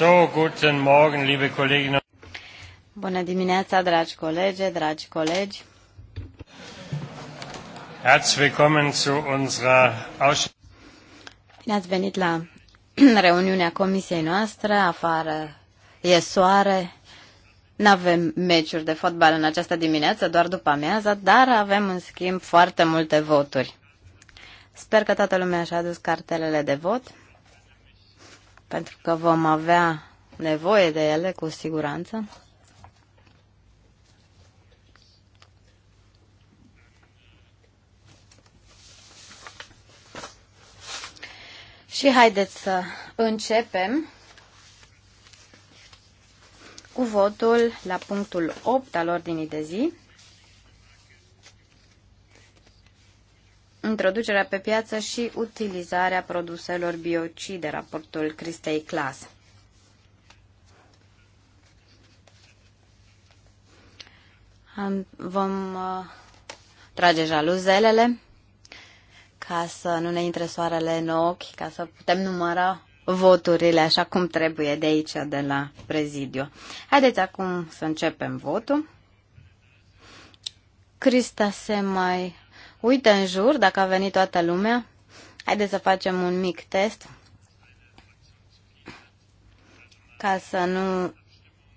So, guten Morgen, liebe Kolleginnen. Bună dimineața, dragi colegi, dragi colegi. Herzlich willkommen zu unserer Bine ați venit la reuniunea comisiei noastre. Afară e soare. Nu avem meciuri de fotbal în această dimineață, doar după amiază, dar avem în schimb foarte multe voturi. Sper că toată lumea și-a adus cartelele de vot pentru că vom avea nevoie de ele cu siguranță. Și haideți să începem cu votul la punctul 8 al ordinii de zi. introducerea pe piață și utilizarea produselor biocide, raportul Cristei Clas. Vom uh, trage jaluzelele ca să nu ne intre soarele în ochi, ca să putem număra voturile așa cum trebuie de aici, de la prezidiu. Haideți acum să începem votul. Crista se mai Uite în jur dacă a venit toată lumea. Haideți să facem un mic test ca să nu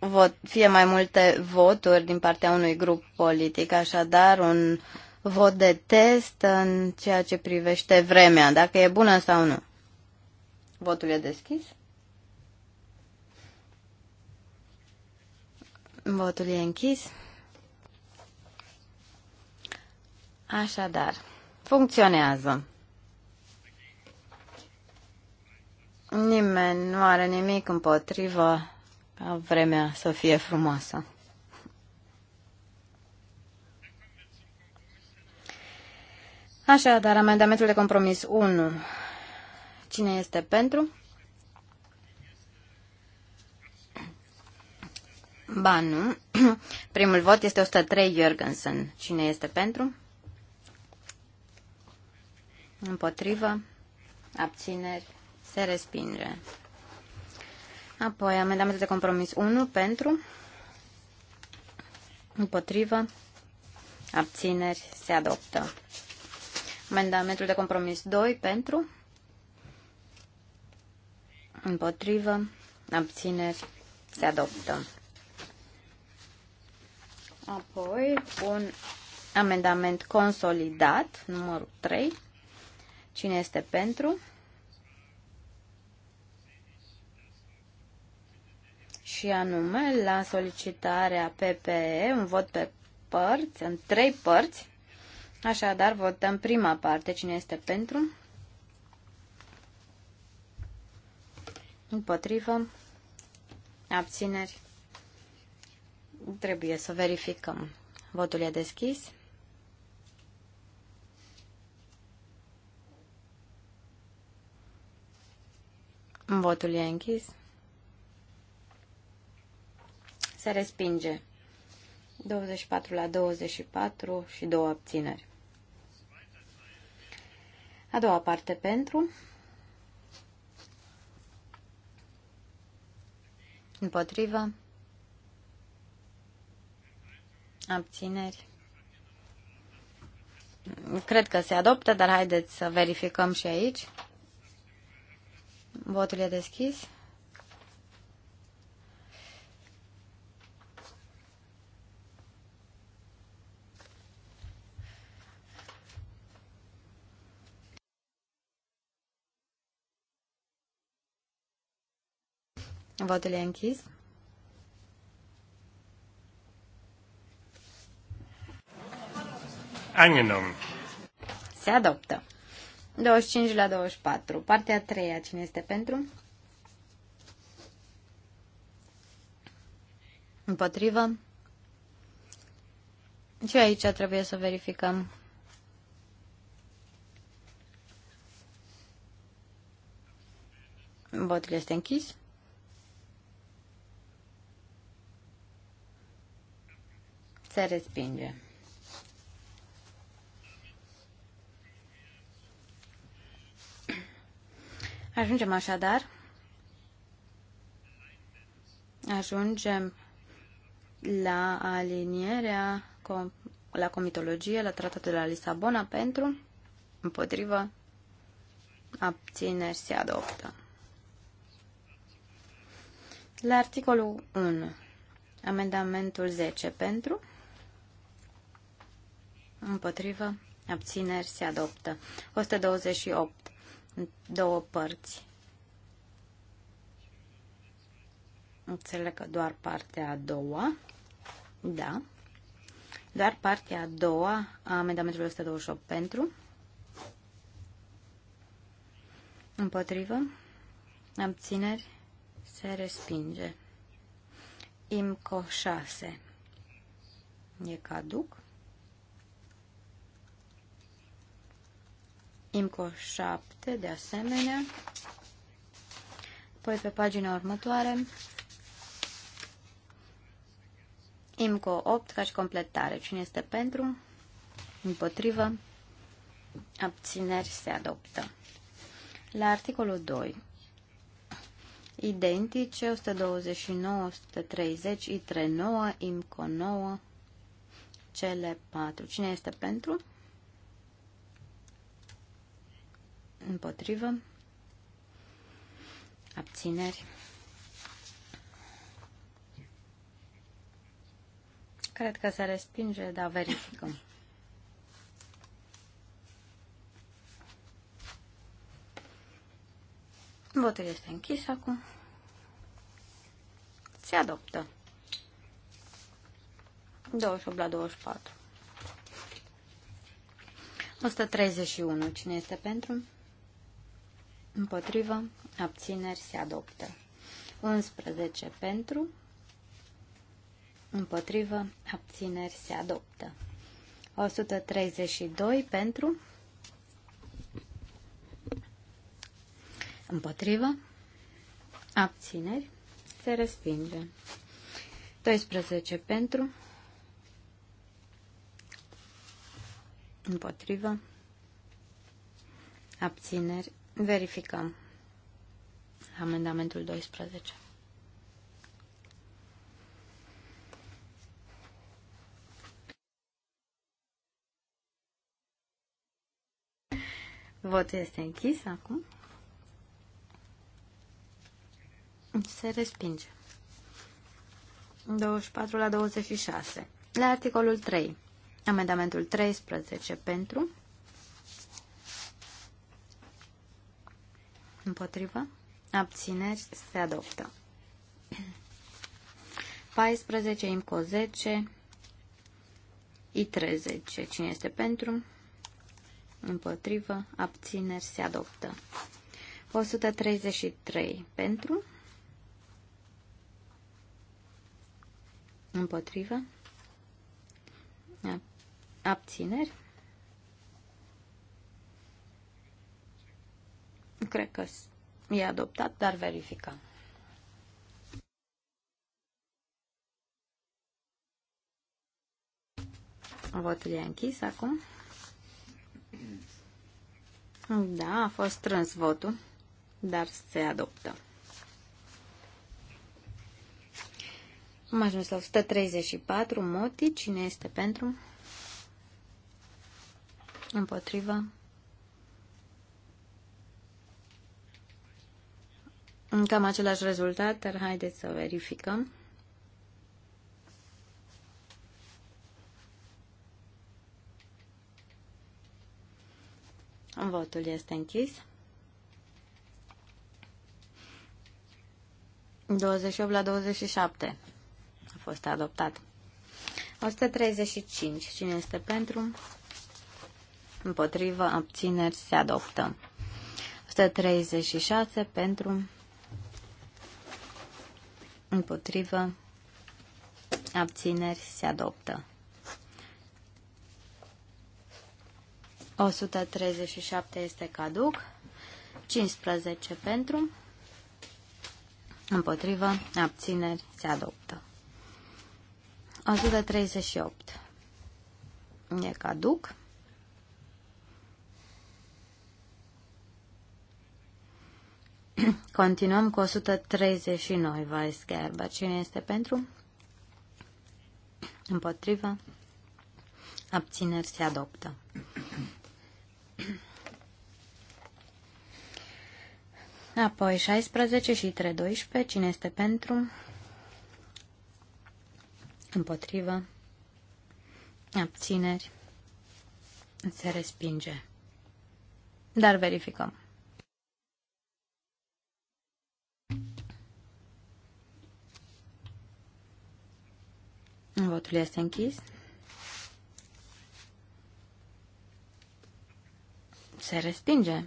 vot, fie mai multe voturi din partea unui grup politic, așadar un vot de test în ceea ce privește vremea, dacă e bună sau nu. Votul e deschis? Votul e închis. Așadar, funcționează. Nimeni nu are nimic împotrivă ca vremea să fie frumoasă. Așadar, amendamentul de compromis 1. Cine este pentru? Ba nu. Primul vot este 103 Jorgensen. Cine este pentru? Împotrivă. Abțineri. Se respinge. Apoi, amendamentul de compromis 1 pentru. Împotrivă. Abțineri. Se adoptă. Amendamentul de compromis 2 pentru. Împotrivă. Abțineri. Se adoptă. Apoi, un amendament consolidat, numărul 3. Cine este pentru? Și anume, la solicitarea PPE, un vot pe părți, în trei părți. Așadar, votăm prima parte. Cine este pentru? Împotrivă. Abțineri. Trebuie să verificăm. Votul e deschis. Votul e închis. Se respinge. 24 la 24 și două abțineri. A doua parte pentru. Împotrivă. Abțineri. Cred că se adoptă, dar haideți să verificăm și aici. Votul e deschis. Votul e închis. Angenommen. Se adoptă. 25 la 24. Partea a treia, cine este pentru? Împotrivă. Și aici trebuie să verificăm. Votul este închis. Se respinge. Ajungem așadar, ajungem la alinierea, la comitologie, la tratatul de la Lisabona pentru, împotrivă, abțineri se adoptă. La articolul 1, amendamentul 10 pentru, împotrivă, abțineri se adoptă. 128 în două părți. Înțeleg că doar partea a doua. Da. Doar partea a doua a amendamentului 128 pentru. Împotrivă. Abțineri. Se respinge. IMCO 6. E caduc. IMCO 7, de asemenea. Apoi pe pagina următoare, IMCO 8 ca și completare. Cine este pentru? Împotrivă? Abțineri se adoptă. La articolul 2, identice 129, 130, ITRE 9, IMCO 9, cele 4. Cine este pentru? împotrivă, abțineri. Cred că se respinge, dar verificăm. Votul este închis acum. Se adoptă. 28 la 24. 131. Cine este pentru? împotrivă, abțineri se adoptă. 11 pentru, împotrivă, abțineri se adoptă. 132 pentru, împotrivă, abțineri se respinge. 12 pentru, împotrivă, abțineri Verificăm. Amendamentul 12. Votul este închis acum. Se respinge. 24 la 26. La articolul 3. Amendamentul 13 pentru. Împotrivă. Abțineri se adoptă. 14, IMCO 10, I30. Cine este pentru? Împotrivă. Abțineri se adoptă. 133 pentru. Împotrivă. Abțineri. Cred că e adoptat, dar verificăm. Votul e închis acum. Da, a fost strâns votul, dar se adoptă. Am ajuns la 134 moti. Cine este pentru? Împotrivă. Cam același rezultat, dar haideți să verificăm. Votul este închis. 28 la 27 a fost adoptat. 135. Cine este pentru? Împotrivă, abțineri, se adoptă. 136 pentru, împotrivă, abțineri se adoptă. 137 este caduc, 15 pentru, împotrivă, abțineri se adoptă. 138 e caduc, Continuăm cu 139, Weisgerber. Cine este pentru? Împotrivă? Abțineri se adoptă. Apoi 16 și 3, 12. Cine este pentru? Împotrivă? Abțineri se respinge. Dar verificăm. Votul este închis. Se respinge.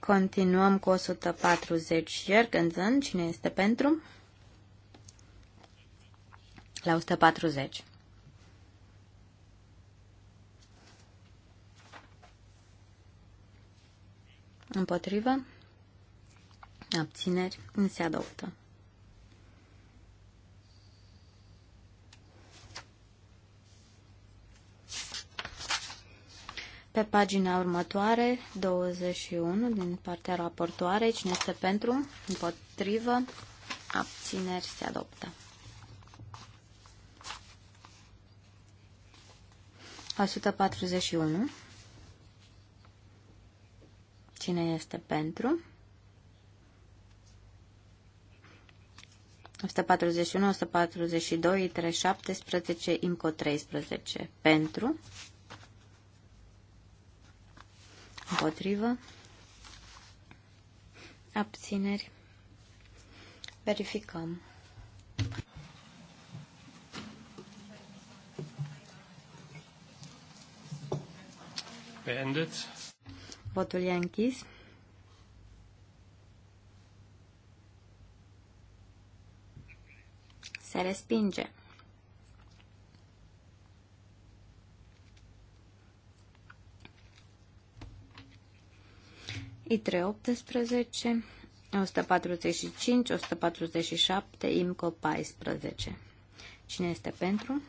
Continuăm cu 140 Jergensen. Cine este pentru? La 140. Împotrivă. Abțineri. Se adoptă. Pe pagina următoare, 21, din partea raportoare, cine este pentru, împotrivă, abțineri, se adoptă. 141. Cine este pentru? 141, 142, 317, IMCO 13. Pentru. Împotrivă. Abțineri. Verificăm. Beendet. Votul e închis. Se respinge. ITRE 18, 145, 147, IMCO 14. Cine este pentru?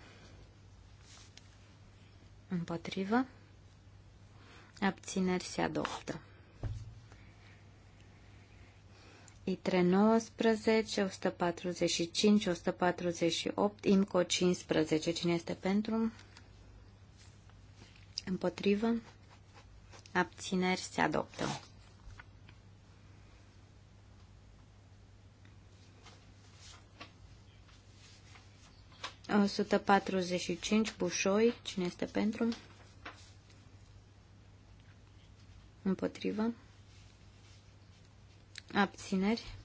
Împotrivă? abțineri se adoptă. ITRE 19, 145, 148, IMCO 15. Cine este pentru? Împotrivă? Abțineri se adoptă. O 145, Bușoi. Cine este pentru? Împotrivă. Abțineri.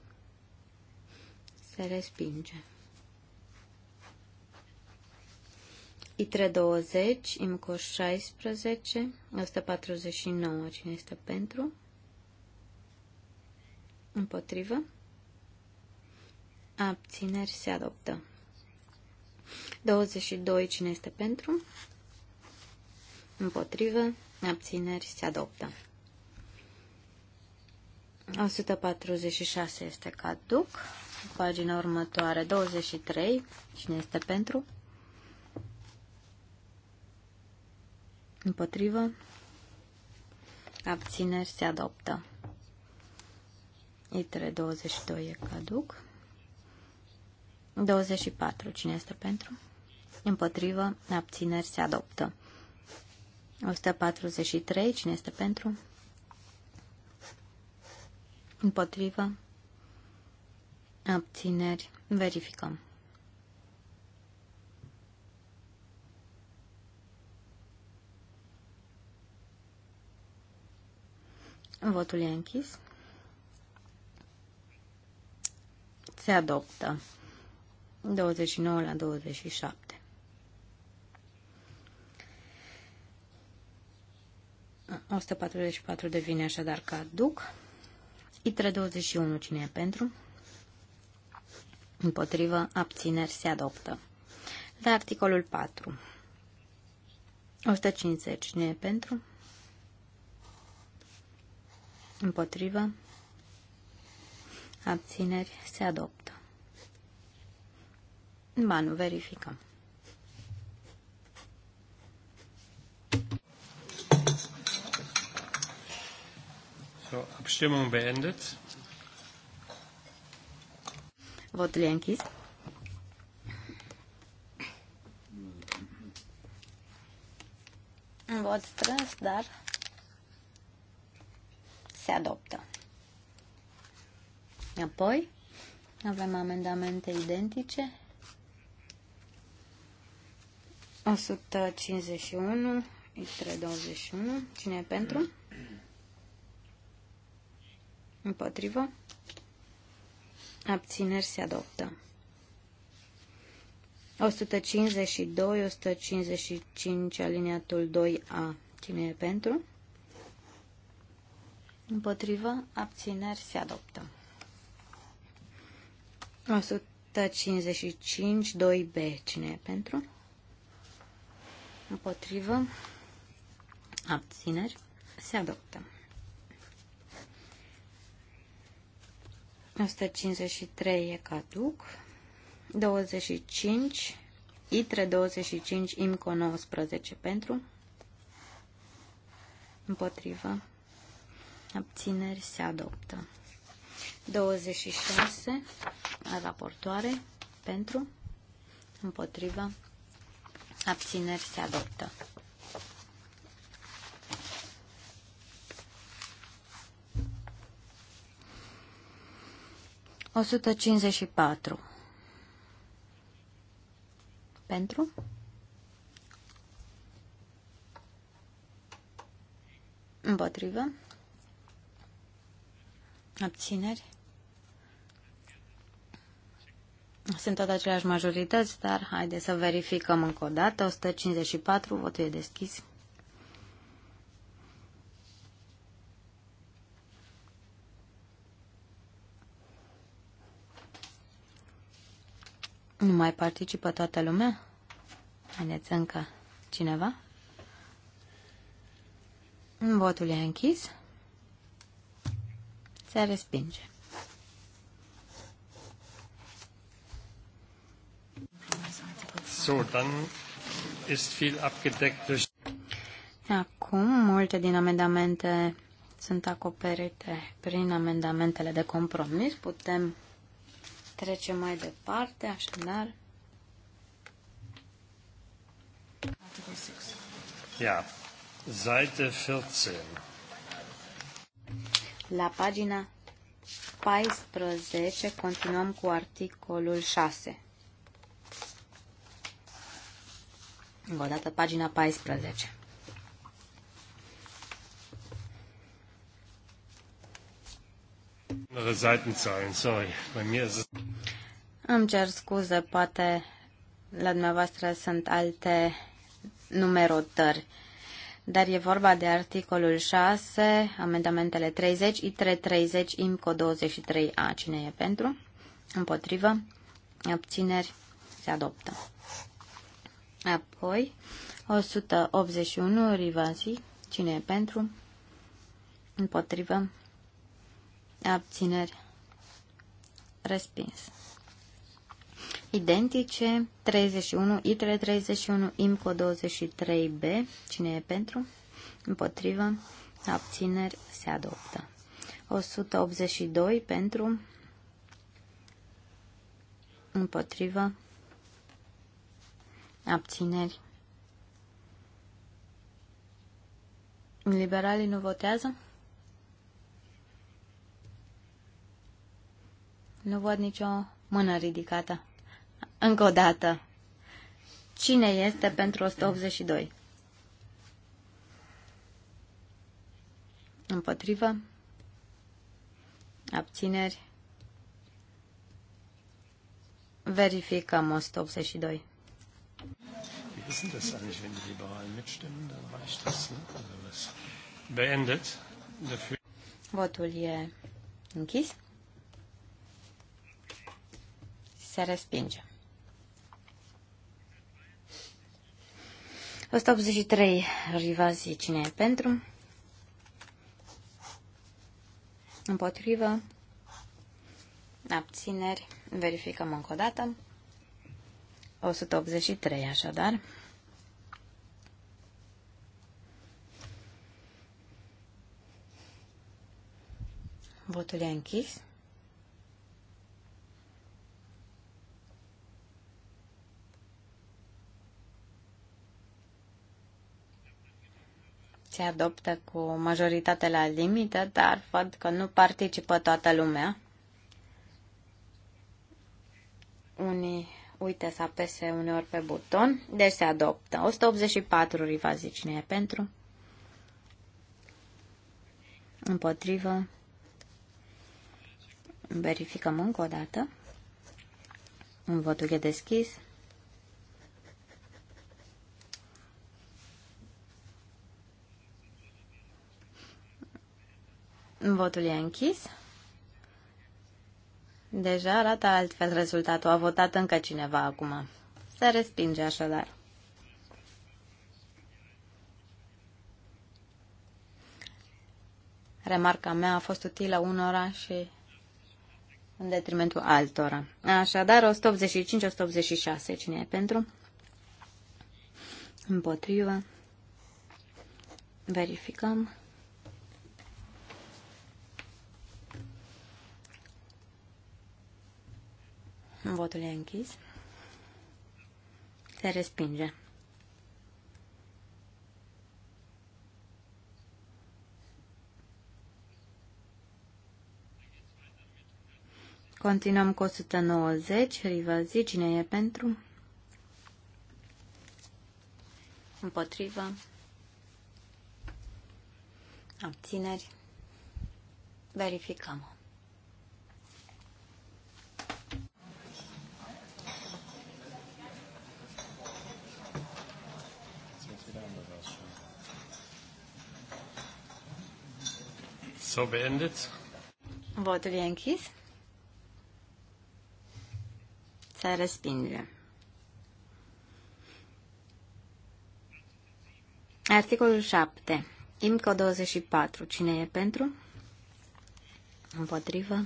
Se respinge. I320, IMCO 16, 149, cine este pentru? Împotrivă. Abțineri se adoptă. 22, cine este pentru? Împotrivă. Abțineri se adoptă. 146 este caduc. Pagina următoare, 23. Cine este pentru? Împotrivă. Abțineri se adoptă. ITRE 22 e caduc. 24. Cine este pentru? Împotrivă. Abțineri se adoptă. 143. Cine este pentru? Împotrivă. Abțineri. Verificăm. Votul e închis. Se adoptă. 29 la 27. O patru devine așadar ca duc. ITRE 21. Cine e pentru? Împotrivă. Abțineri. Se adoptă. La articolul 4. 150. Cine e pentru? Împotrivă. Abțineri. Se adoptă. Ba, nu verificăm. So, Abstimmung beendet. Votul e închis. Un vot strâns, dar se adoptă. Apoi avem amendamente identice. 151, 321. Cine e pentru? Împotrivă. Abțineri se adoptă. 152, 155, aliniatul 2A. Cine e pentru? Împotrivă, abțineri se adoptă. 155, 2B. Cine e pentru? Împotrivă, abțineri se adoptă. 153 e caduc. 25. ITRE 25, IMCO 19 pentru. Împotrivă. Abțineri se adoptă. 26 raportoare pentru. Împotrivă. Abțineri se adoptă. 154. Pentru? Împotrivă? Abțineri? Sunt tot aceleași majorități, dar haideți să verificăm încă o dată. 154, votul e deschis. Nu mai participă toată lumea? Haideți încă cineva? Votul e închis. Se respinge. So, dann ist viel Acum, multe din amendamente sunt acoperite prin amendamentele de compromis. Putem Trecem mai departe, așadar. Ia, Seite 14. La pagina 14 continuăm cu articolul 6. Încă o dată, pagina 14. Andere Seitenzahlen, sorry. Bei mir ist es... Îmi cer scuze, poate la dumneavoastră sunt alte numerotări. Dar e vorba de articolul 6, amendamentele 30, ITRE 30, IMCO 23A. Cine e pentru? Împotrivă? Abțineri? Se adoptă. Apoi, 181, Rivazi. Cine e pentru? Împotrivă? Abțineri? Respins identice 31, ITRE 31, IMCO 23B. Cine e pentru? Împotrivă. Abțineri se adoptă. 182 pentru. Împotrivă. Abțineri. Liberalii nu votează? Nu văd nicio mână ridicată. Încă o dată. Cine este pentru 182? Împotrivă? Abțineri? Verificăm 182. Wie ist denn das eigentlich, wenn die Liberalen mitstimmen? Dann reicht das, ne? Also beendet. Dafür. Votul e închis. Se respinge. 183 Rivasi, cine e pentru? Împotrivă. Abțineri. Verificăm încă o dată. 183 așadar. Votul e închis. se adoptă cu majoritate la limită, dar văd că nu participă toată lumea. Unii uită să apese uneori pe buton, deci se adoptă. 184 riva zice cine e pentru. Împotrivă. Verificăm încă o dată. Un votul e deschis. Votul e închis. Deja arată altfel rezultatul. A votat încă cineva acum. Se respinge așadar. Remarca mea a fost utilă unora și în detrimentul altora. Așadar, 185-186. Cine e pentru? Împotrivă. Verificăm. Votul e închis. Se respinge. Continuăm cu 190. zi cine e pentru? Împotrivă. Abțineri. Verificăm. So beendet. Votul e închis. Se respinge. Articolul 7. IMCO 24. Cine e pentru? Împotrivă.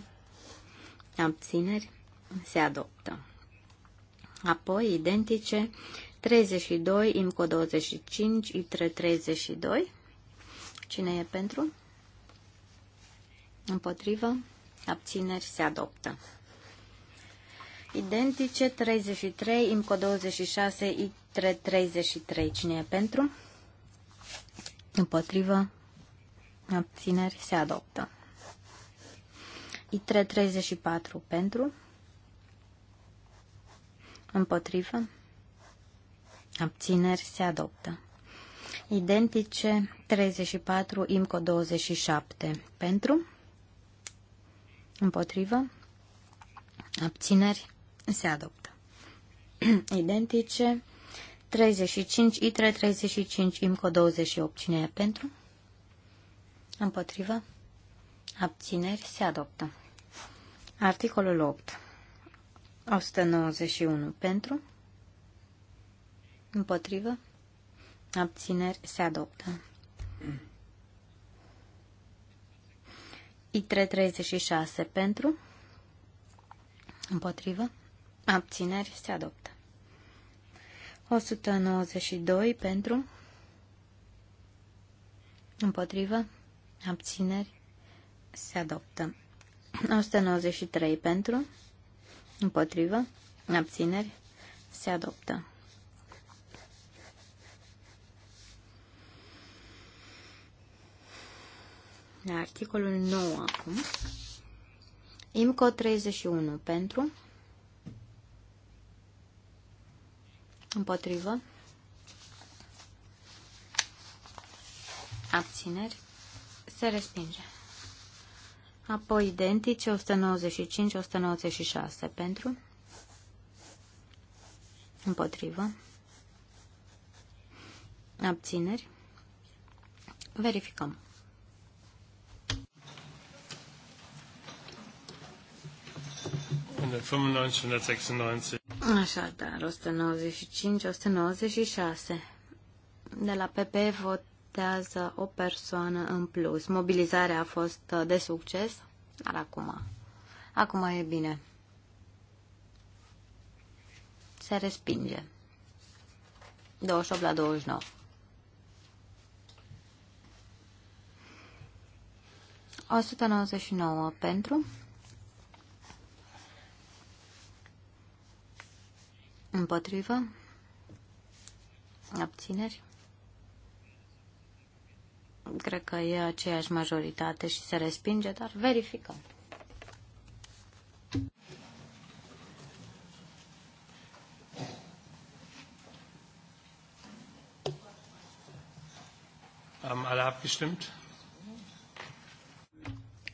Abțineri. Se adoptă. Apoi, identice, 32, IMCO 25, ITRE 32. Cine e pentru? Împotrivă. Abțineri se adoptă. Identice 33, IMCO 26, ITRE 33. Cine e pentru? Împotrivă. Abțineri se adoptă. ITRE 34 pentru. Împotrivă. Abțineri se adoptă. Identice 34, IMCO 27 pentru. Împotrivă. Abțineri. Se adoptă. Identice. 35, ITRE 35, IMCO 28. Cine e pentru? Împotrivă. Abțineri. Se adoptă. Articolul 8. 191. Pentru? Împotrivă. Abțineri. Se adoptă. I336 pentru, împotrivă, abțineri se adoptă. 192 pentru, împotrivă, abțineri se adoptă. 193 pentru, împotrivă, abțineri se adoptă. La articolul 9 acum. IMCO 31 pentru. Împotrivă. Abțineri. Se respinge. Apoi identice 195-196 pentru. Împotrivă. Abțineri. Verificăm. 195, 196. De la PP votează o persoană în plus. Mobilizarea a fost uh, de succes, dar acum. Acum e bine. Se respinge. 28 la 29. O 199 pentru Împotrivă. Abțineri. Cred că e aceeași majoritate și se respinge, dar verificăm. Am alle abgestimmt?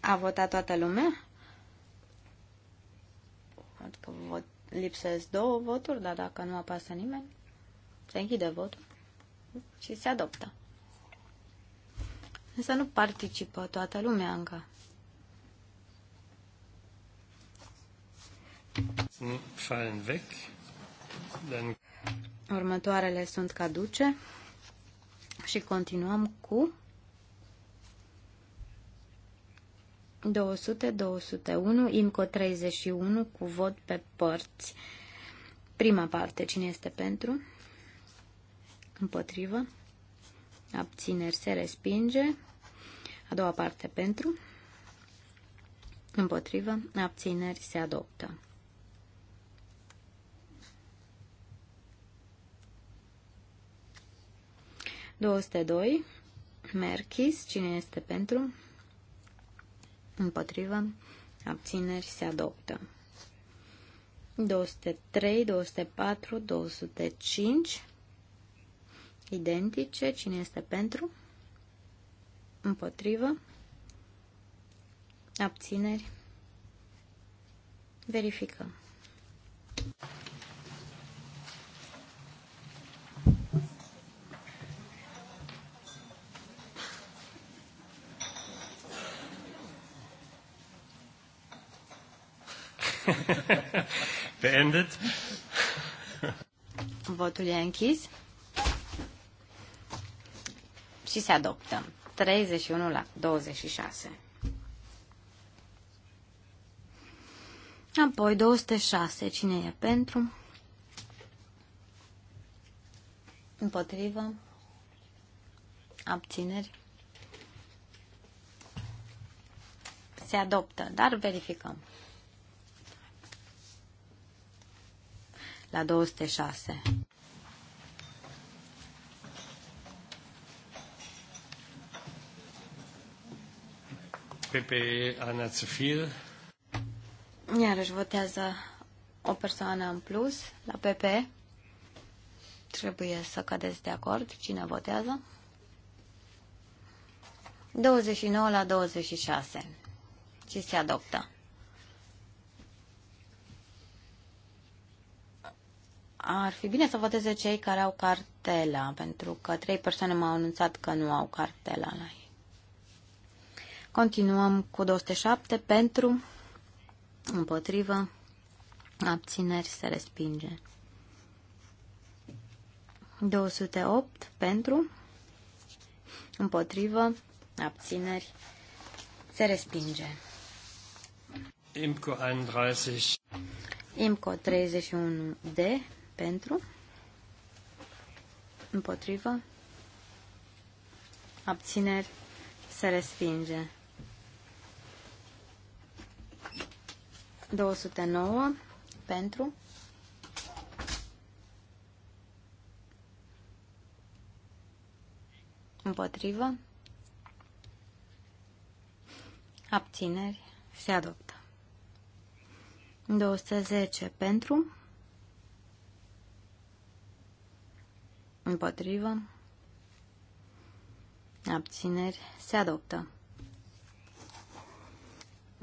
A votat toată lumea? Văd că vot lipsesc două voturi, dar dacă nu apasă nimeni, se închide votul și se adoptă. Însă nu participă toată lumea încă. Următoarele sunt caduce și continuăm cu 200, 201, IMCO 31 cu vot pe părți. Prima parte, cine este pentru? Împotrivă. Abțineri se respinge. A doua parte pentru. Împotrivă. Abțineri se adoptă. Două doi. Merchis. Cine este pentru? împotrivă, abțineri se adoptă. 203, 204, 205, identice, cine este pentru, împotrivă, abțineri, verificăm. beendet. Votul e închis. Și se adoptă. 31 la 26. Apoi 206. Cine e pentru? Împotrivă? Abțineri? Se adoptă, dar verificăm. la 206. Pepe Ana Zafir. Iarăși votează o persoană în plus la PP. Trebuie să cadeți de acord cine votează. 29 la 26. Ce se adoptă. ar fi bine să voteze cei care au cartela, pentru că trei persoane m-au anunțat că nu au cartela la ei. Continuăm cu 207 pentru, împotrivă, abțineri se respinge. 208 pentru, împotrivă, abțineri se respinge. IMCO 31. IMCO 31D pentru, împotrivă, abțineri, se respinge. 209 pentru, împotrivă, abțineri, se adoptă. 210 pentru, Împotrivă. Abțineri. Se adoptă.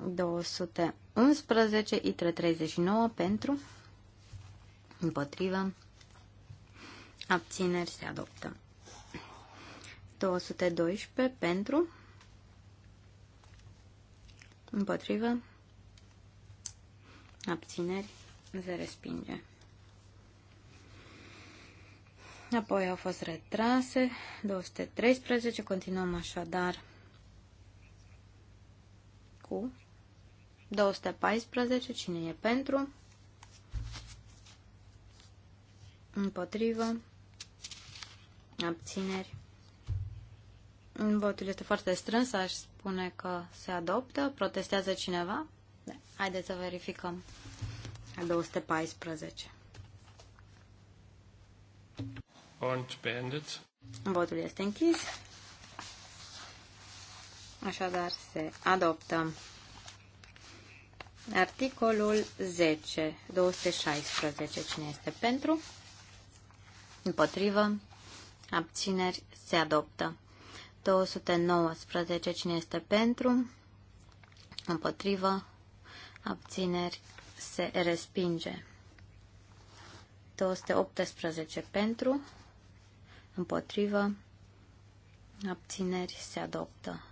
211 i 39 pentru. Împotrivă. Abțineri. Se adoptă. 212 pentru. Împotrivă. Abțineri. Se respinge apoi au fost retrase 213, continuăm așadar cu 214, cine e pentru, împotrivă, abțineri. Votul este foarte strâns, aș spune că se adoptă, protestează cineva. Da, haideți să verificăm. 214. Und beendet. Votul este închis. Așadar, se adoptă. Articolul 10, 216, cine este pentru? Împotrivă, abțineri, se adoptă. 219, cine este pentru? Împotrivă, abțineri, se respinge. 218 pentru, împotrivă, abțineri se adoptă.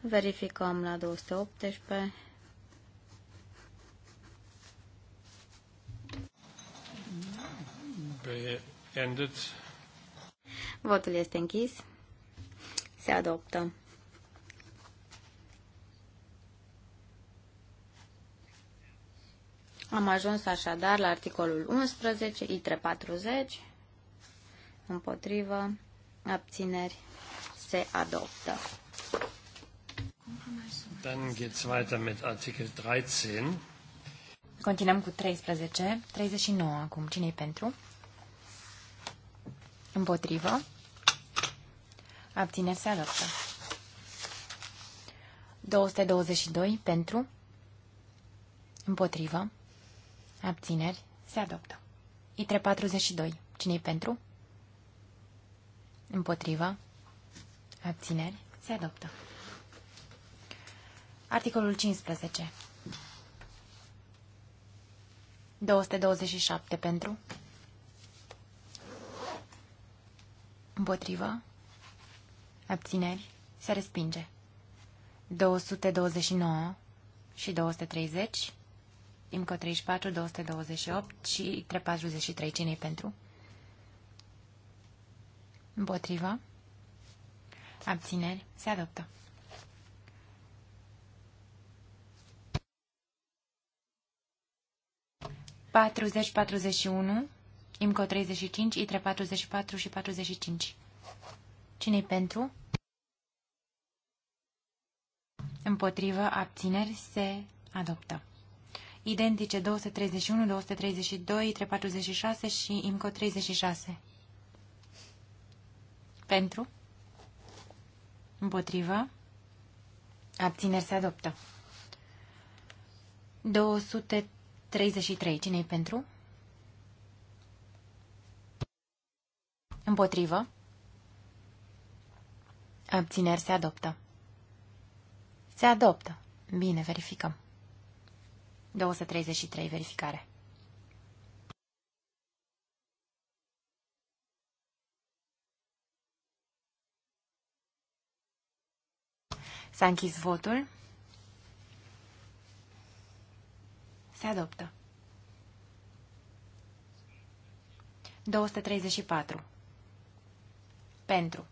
Verificăm la 218. Ended. Votul este închis. Se adoptă. Am ajuns așadar la articolul 11, ITRE 40 împotrivă, abțineri, se adoptă. Dann geht's weiter mit Artikel 13. Continuăm cu 13, 39 acum. cine pentru? Împotrivă. Abțineri se adoptă. 222 pentru. Împotrivă. Abțineri se adoptă. I342. Cine-i pentru? Împotriva. Abțineri. Se adoptă. Articolul 15. 227 pentru. Împotriva. Abțineri. Se respinge. 229 și 230. Imco 34, 228 și 343. cine pentru? Împotrivă. Abțineri. Se adoptă. Patruzeci, patruzeci și unu, IMCO cinci, ITRE patruzeci și patruzeci cinci. Cine-i pentru? Împotrivă, abțineri, se adoptă. Identice 231, 232, ITRE 46 și IMCO șase. Pentru. Împotrivă. Abțineri se adoptă. 233. cine pentru? Împotrivă. Abțineri se adoptă. Se adoptă. Bine, verificăm. 233. Verificare. S-a închis votul. Se adoptă. 234. Pentru.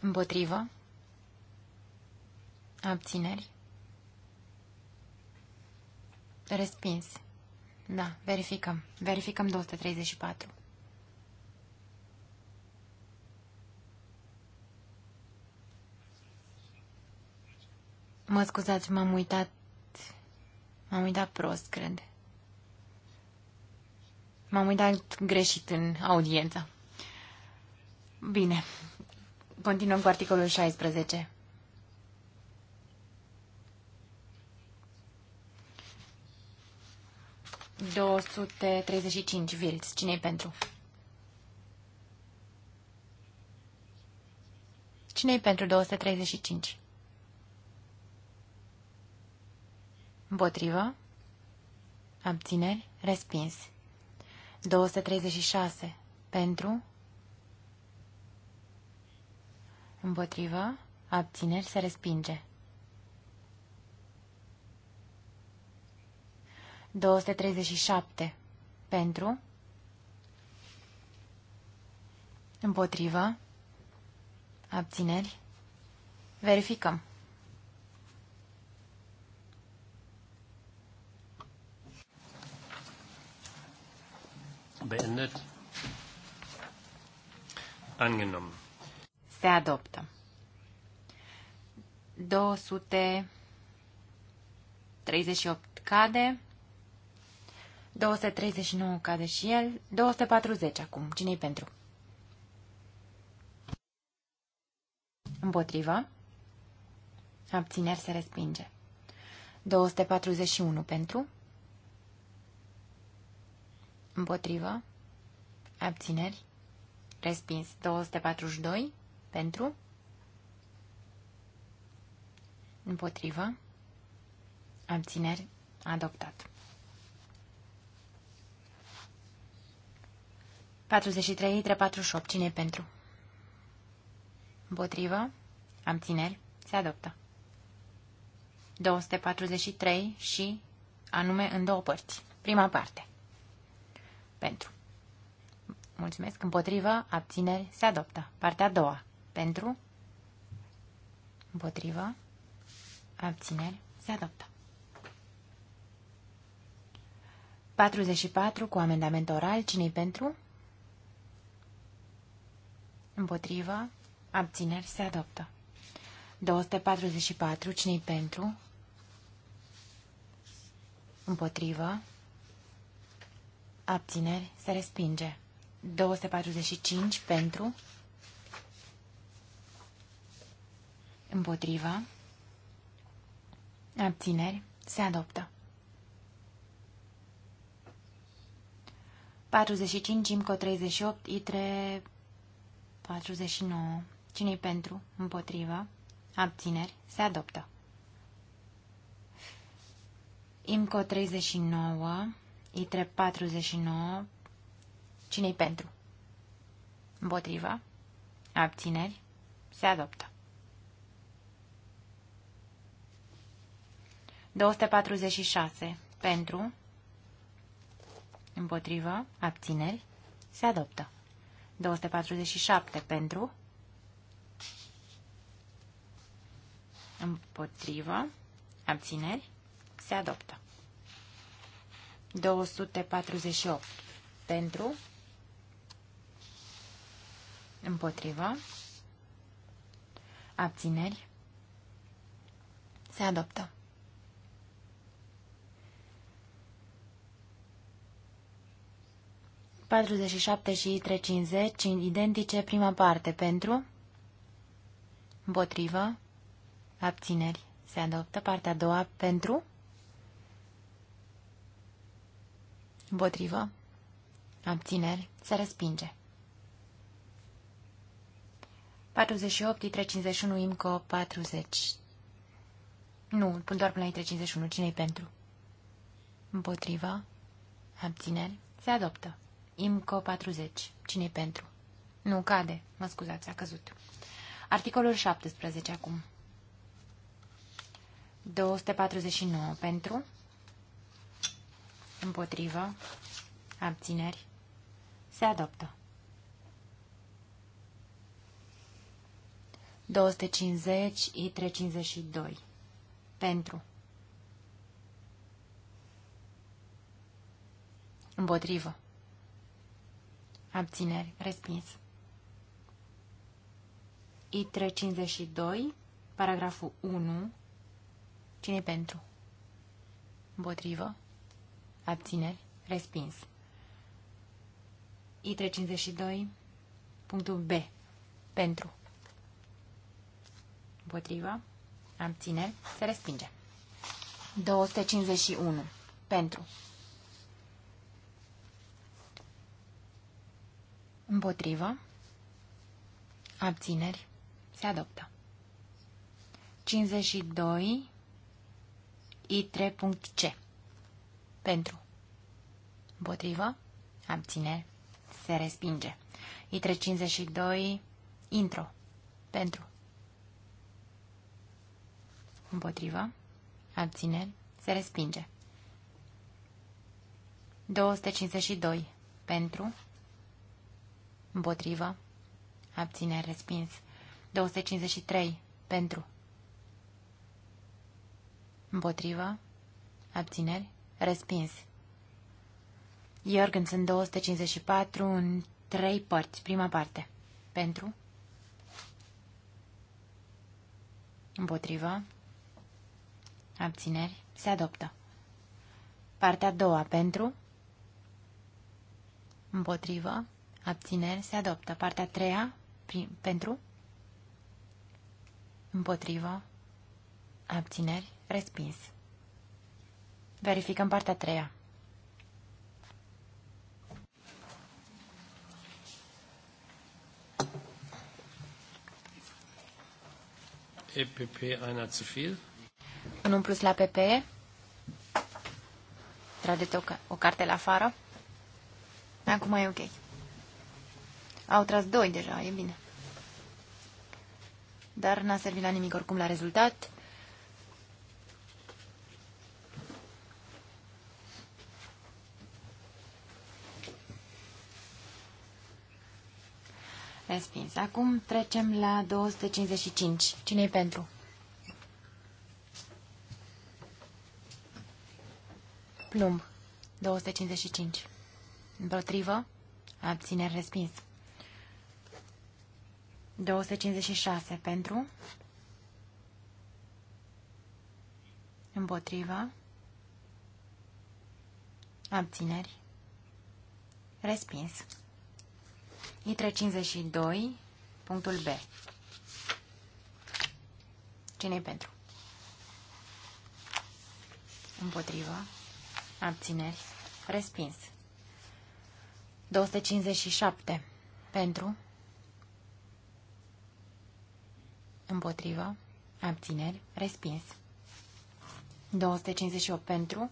Împotrivă. Abțineri. Respins. Da, verificăm. Verificăm 234. Mă scuzați, m-am uitat... M-am uitat prost, cred. M-am uitat greșit în audiență. Bine. Continuăm cu articolul 16. ...235 vilți. cine pentru? cine pentru 235? Împotrivă. Abțineri. Respins. 236. Pentru. Împotrivă. Abțineri. Se respinge. 237. Pentru. Împotrivă. Abțineri. Verificăm. Beendet. Angenommen. Se adoptă. 238 cade. 239 cade și el. 240 acum. cine pentru? Împotrivă. Abțineri se respinge. 241 pentru. Împotrivă. Abțineri. Respins. 242. Pentru. Împotrivă. Abțineri. Adoptat. 43, 48. Cine pentru? Împotrivă. Abțineri. Se adoptă. 243 și anume în două părți. Prima parte. Pentru. Mulțumesc. Împotrivă. Abțineri. Se adoptă. Partea a doua. Pentru. Împotrivă. Abțineri. Se adoptă. 44 cu amendament oral. Cine-i pentru? Împotrivă. Abțineri. Se adoptă. 244. Cine-i pentru? Împotrivă. Abțineri se respinge. 245 pentru. Împotriva. Abțineri se adoptă. 45, IMCO 38, ITRE 49. cine pentru? Împotriva. Abțineri. Se adoptă. IMCO 39. ITRE 49. Cine-i pentru? Împotriva. Abțineri. Se adoptă. 246. Pentru. Împotrivă. Abțineri. Se adoptă. 247. Pentru. Împotrivă. Abțineri. Se adoptă. 248 pentru, împotriva, abțineri, se adoptă. Patruzeci și șapte și trei cincizeci, identice, prima parte, pentru, împotrivă, abțineri, se adoptă, partea a doua, pentru, Împotrivă. Abțineri. Se respinge. 48, litre 51, IMCO 40. Nu, pun doar până la 351, Cine-i pentru? Împotriva. Abțineri. Se adoptă. IMCO 40. Cine-i pentru? Nu, cade. Mă scuzați, a căzut. Articolul 17 acum. 249 pentru. Împotrivă. Abțineri. Se adoptă. 250 i 352. Pentru. Împotrivă. Abțineri. Respins. I 352. Paragraful 1. Cine pentru? Împotrivă abțineri, respins. I352, punctul B, pentru, împotriva, abțineri, se respinge. 251, pentru, împotriva, abțineri, se adoptă. 52, I3.C. Pentru. Împotrivă. abține, Se respinge. I352. Intro. Pentru. Împotrivă. abține, Se respinge. 252. Pentru. Împotrivă. abține, Respins. 253. Pentru. Împotrivă. Abțineri. Respins. în 254 în trei părți. Prima parte. Pentru. împotriva Abțineri. Se adoptă. Partea a doua. Pentru. Împotrivă. Abțineri. Se adoptă. Partea a treia. Prim, pentru. Împotrivă. Abțineri. Respins. Verificăm partea a treia. EPP una zu viel. În plus la PP. Trageți o, o carte la afară. Acum e ok. Au tras doi deja, e bine. Dar n-a servit la nimic oricum la rezultat. Respins. Acum trecem la 255. cine e pentru? Plumb. 255. Împotrivă. Abțineri respins. 256 pentru. Împotrivă. Abțineri. Respins. ITRE 52, punctul B. Cine-i pentru? Împotrivă. Abțineri. Respins. 257. Pentru. Împotrivă. Abțineri. Respins. 258 pentru.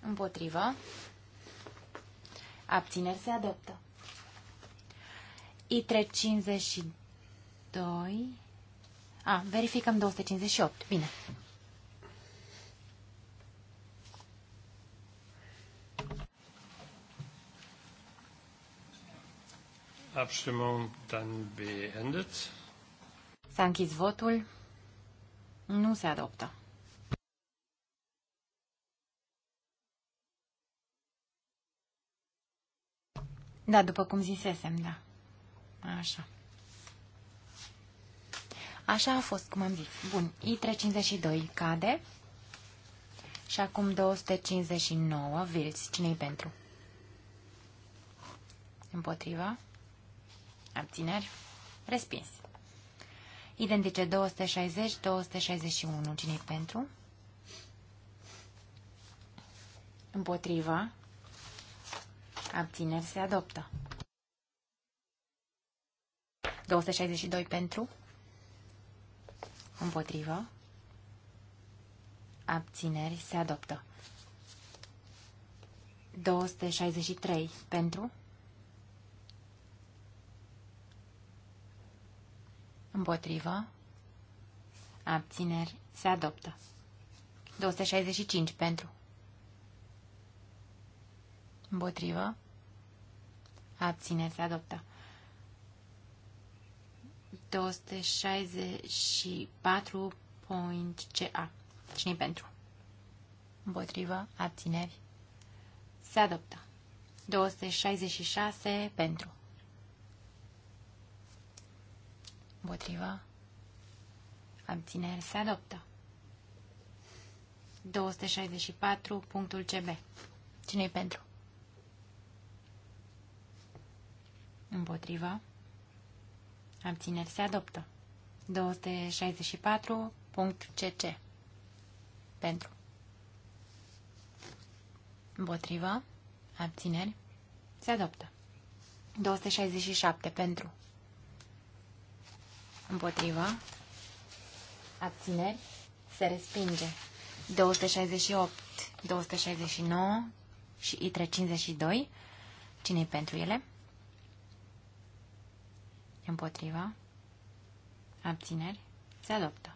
Împotrivă. Abțineri se adoptă. I352. A, verificăm 258. Bine. Abstimmung dann beendet. S-a închis votul. Nu se adoptă. Da, după cum zisesem, da. Așa. Așa a fost, cum am zis. Bun, I352 cade. Și acum 259, vilți. cine-i pentru? Împotriva. Abțineri. Respins. Identice 260, 261, cine-i pentru? Împotriva. Abțineri se adoptă. 262 pentru. Împotrivă. Abțineri se adoptă. 263 pentru. Împotrivă. Abțineri se adoptă. 265 pentru. Împotrivă. Abțineri. Se adoptă. 264.ca point CA. Cine pentru? Împotrivă. Abțineri. Se adoptă. 266 pentru. Împotrivă. Abțineri se adoptă. 264. Punctul CB. cine pentru? Împotrivă. Abțineri se adoptă. 264.cc. Pentru. Împotrivă. Abțineri. Se adoptă. 267. Pentru. Împotrivă. Abțineri. Se respinge. 268, 269 și I352. Cine-i pentru ele? Împotriva. Abțineri. Se adoptă.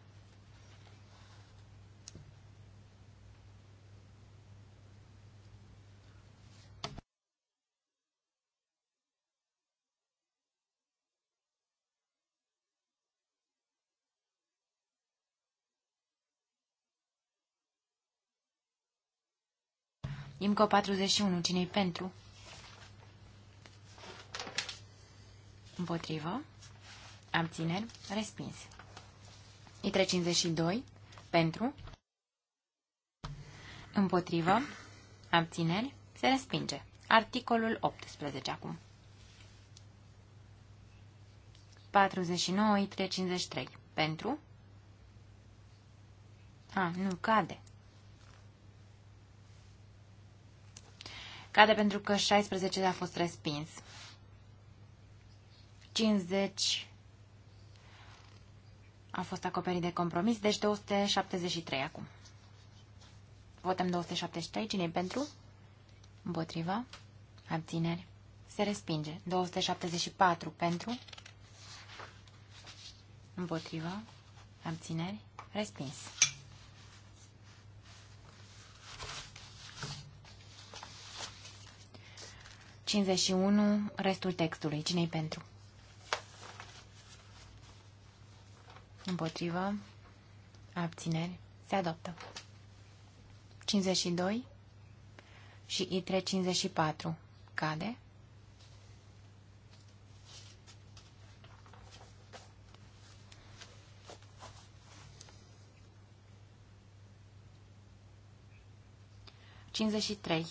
IMCO 41. cine pentru? Împotrivă. Abțineri. Respins. I352. Pentru. Împotrivă. Abțineri. Se respinge. Articolul 18 acum. 49 ITRE Pentru. A, nu, cade. Cade pentru că 16 a fost respins. 50 a fost acoperit de compromis, deci 273 acum. Votăm 273. Cine-i pentru? Împotriva. Abțineri. Se respinge. 274 pentru. Împotriva. Abțineri. Respins. Cincizeci restul textului. Cine-i pentru? Împotrivă. Abțineri. Se adoptă. 52 și ITRE 54. Cade. Cincizeci trei.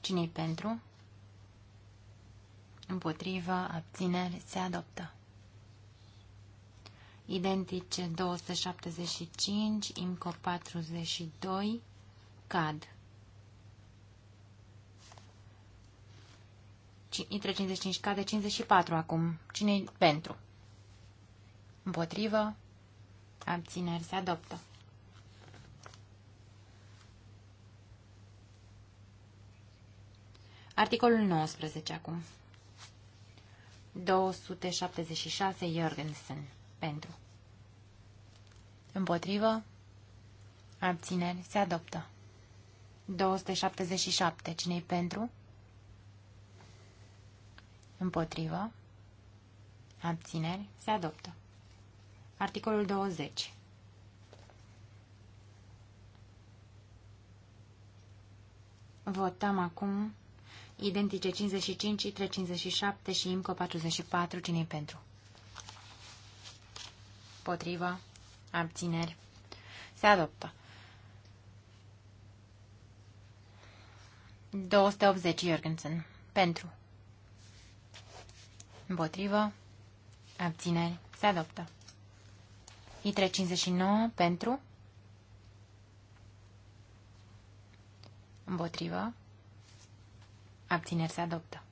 Cine-i pentru? Împotrivă, abțineri, se adoptă identice 275, IMCO 42, CAD. Între 55 cade 54 acum. cine pentru? Împotrivă? Abțineri se adoptă. Articolul 19 acum. 276 Jorgensen. Pentru. Împotrivă. Abțineri. Se adoptă. 277. Cine-i pentru? Împotrivă. Abțineri. Se adoptă. Articolul 20. Votăm acum identice 55, 357 și IMCO 44. cine pentru? Potrivă. Abțineri. Se adoptă. 280 Jorgensen. Pentru. Împotrivă. Abțineri. Se adoptă. I359 pentru. Împotrivă. Abțineri se adoptă.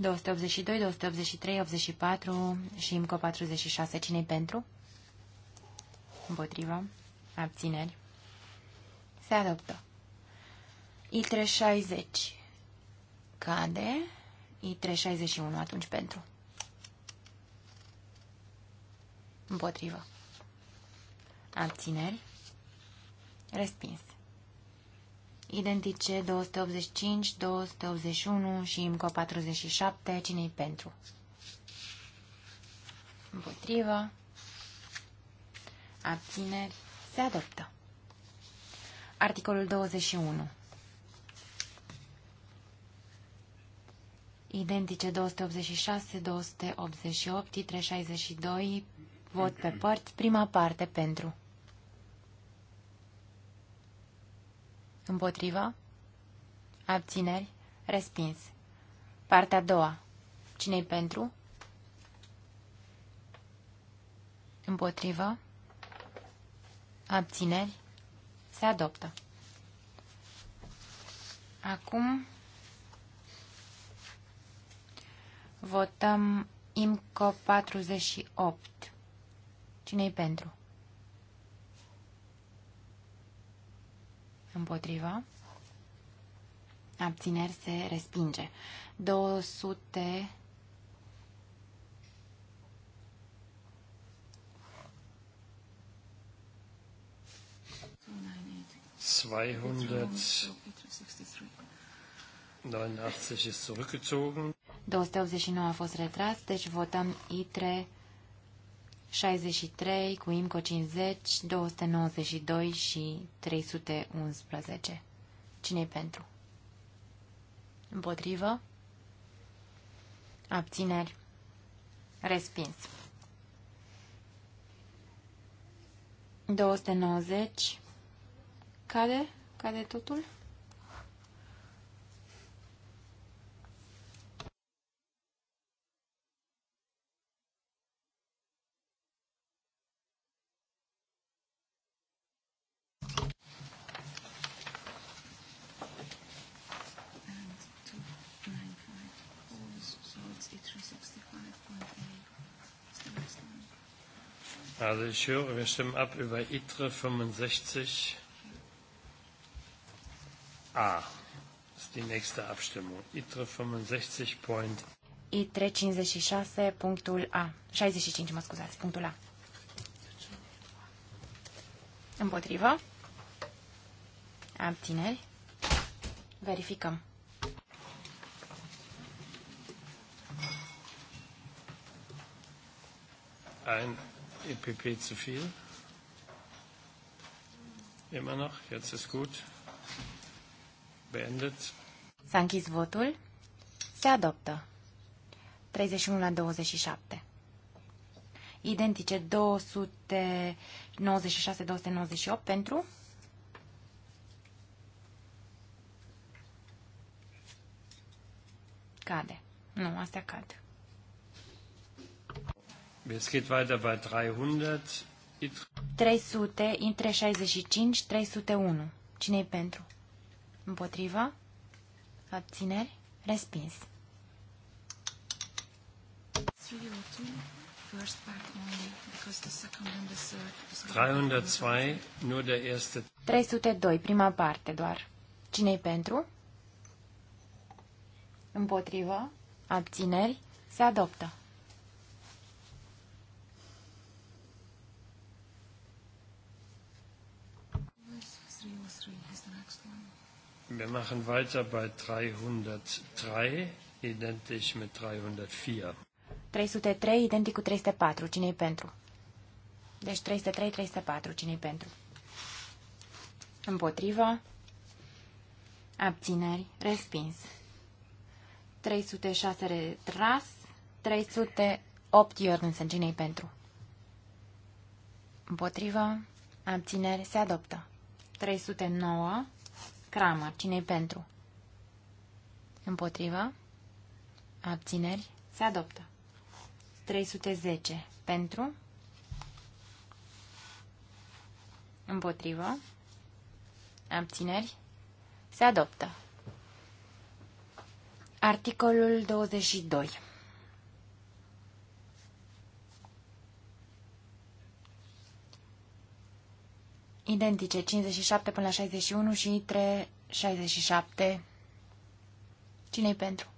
282, 283, 84 și IMCO 46. Cine-i pentru? Împotriva. Abțineri. Se adoptă. I360 cade. I361 atunci pentru. Împotrivă. Abțineri. Respins identice 285, 281 și IMCO 47, cine pentru? Împotrivă. Abțineri. Se adoptă. Articolul 21. Identice 286, 288, 362, vot pe părți, prima parte pentru. Împotrivă? Abțineri? Respins. Partea a doua. cine pentru? Împotrivă? Abțineri? Se adoptă. Acum votăm IMCO 48. cine pentru? Împotriva. Abțineri se respinge. 200 289 ist zurückgezogen. a fost retras, deci votăm ITRE 63, cu IMCO 50, 292 și 311. Cine-i pentru? Împotrivă? Abțineri? Respins. 290. Cade? Cade totul? Also ich höre, wir stimmen ab über ITRE 65 A. Das ist die nächste Abstimmung. ITRE 65. Point. ITRE 56. Punctul A. 65, mă scuzați, punctul A. Împotrivă. Abțineri. Verificăm. Ein EPP zu viel. Immer noch, jetzt ist gut. Beendet. S-a închis votul. Se adoptă. 31 la 27. Identice 296-298 pentru cade. Nu, astea cad. Es geht weiter bei 300. 300, între 65, 301. Cine-i pentru? Împotriva? Abțineri? Respins. First part only, because the second and the third 302, nur erste. 302, prima parte doar. Cine-i pentru? Împotrivă? Abțineri? Se adoptă. Wir machen weiter bei 303, identisch mit 304. 303, identic cu 304. Cine-i pentru? Deci 303, 304. Cine-i pentru? Împotriva. Abțineri. Respins. 306 retras. 308 Jorgensen. Cine-i pentru? Împotriva. Abțineri. Se adoptă. 309 Cramer, cine pentru? împotriva, Abțineri? Se adoptă. 310. Pentru? Împotrivă? Abțineri? Se adoptă. Articolul 22. identice, 57 până la 61 și 3, 67. Cine-i pentru?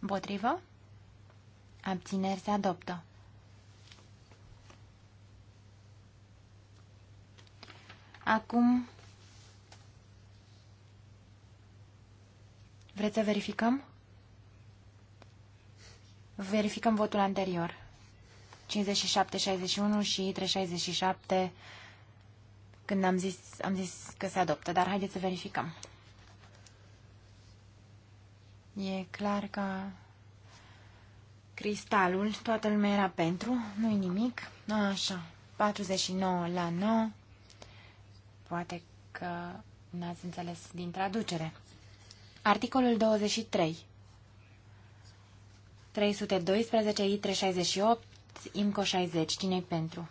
Împotrivă? Abțineri se adoptă. Acum... Vreți să verificăm? Verificăm votul anterior. 57-61 și 367 când am zis, am zis că se adoptă, dar haideți să verificăm. E clar că cristalul, toată lumea era pentru, nu-i nimic. Așa, 49 la 9. Poate că n-ați înțeles din traducere. Articolul 23. 312, I368, IMCO 60. cine pentru?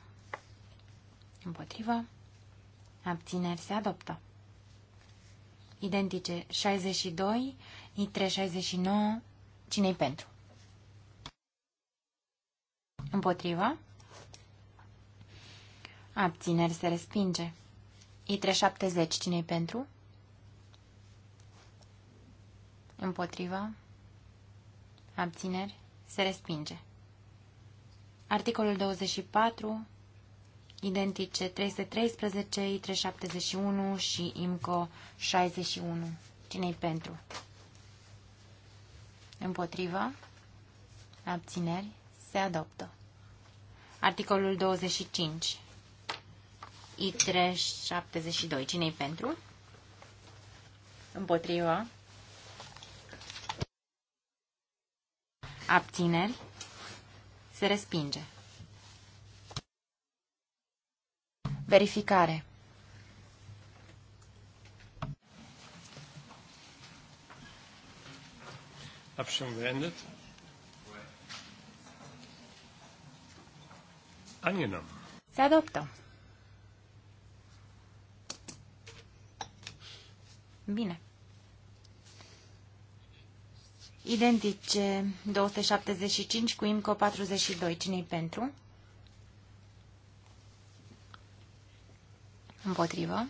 Împotrivă. Abțineri se adoptă. Identice 62, ITRE 69, cine pentru? Împotrivă. Abțineri se respinge. ITRE 70, cine pentru? Împotrivă. Abțineri se respinge. Articolul 24, identice 313, 371 și IMCO 61. Cine-i pentru? Împotriva? Abțineri? Se adoptă. Articolul 25. I372. Cine-i pentru? Împotriva? Abțineri? Se respinge. Verificare. Abstimmung beendet. Angenommen. Se adoptă. Bine. Identice 275 cu IMCO 42. Cine-i pentru? Împotrivă.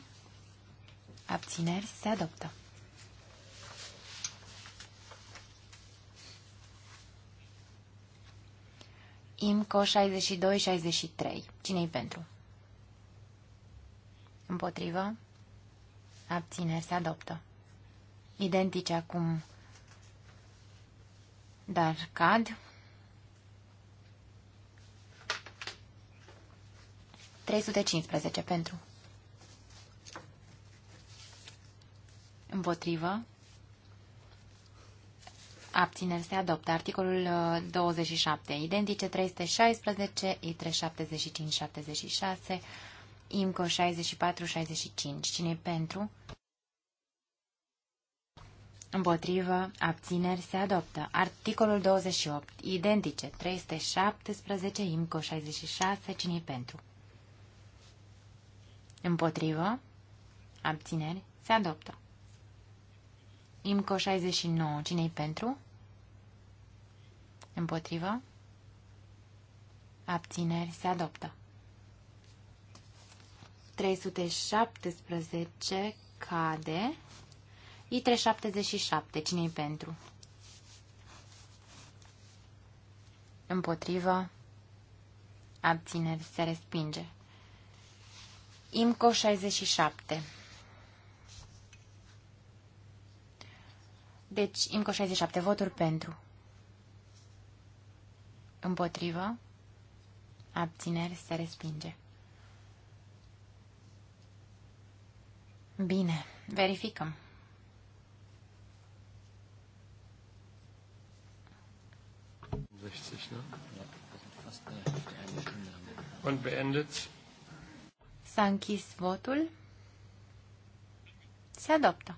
Abțineri. Se adoptă. IMCO 62-63. Cine-i pentru? Împotrivă. Abțineri. Se adoptă. Identice acum dar cad. cincisprezece pentru. Împotrivă. Abțineri se adoptă. Articolul 27. Uh, Identice 316, ITRE 75, 76, IMCO 64, 65. cine pentru? Împotrivă, abțineri, se adoptă. Articolul 28. Identice. 317, IMCO 66, cine pentru? Împotrivă, abțineri, se adoptă. IMCO 69, cine pentru? Împotrivă, abțineri, se adoptă. 317 cade i 77. Cine-i pentru? Împotrivă. Abțineri. Se respinge. IMCO 67. Deci, IMCO 67. Voturi pentru. Împotrivă. Abțineri. Se respinge. Bine. Verificăm. 60, ne? Und beendet. S-a închis votul. Se adoptă.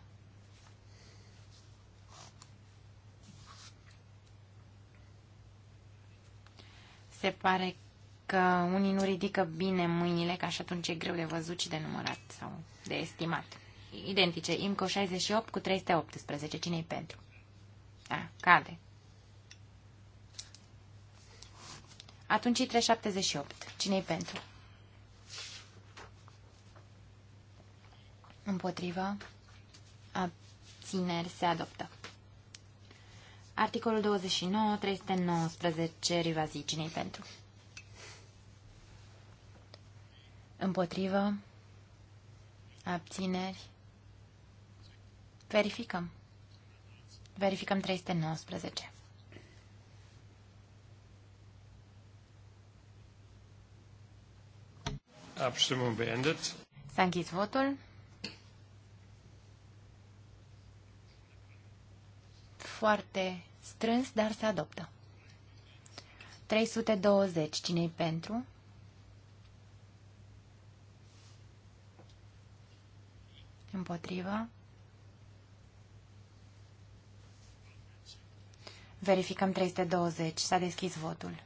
Se pare că unii nu ridică bine mâinile, ca și atunci e greu de văzut și de numărat sau de estimat. Identice, IMCO 68 cu 318. Cine-i pentru? A, cade. Atunci 378. Cine-i pentru? Împotrivă. Abțineri se adoptă. Articolul 29, 319, rivazii. cine pentru? Împotrivă. Abțineri. Verificăm. Verificăm 319. Abstimmung beendet. votul. Foarte strâns, dar se adoptă. 320. Cine-i pentru? Împotrivă. Verificăm 320. S-a deschis votul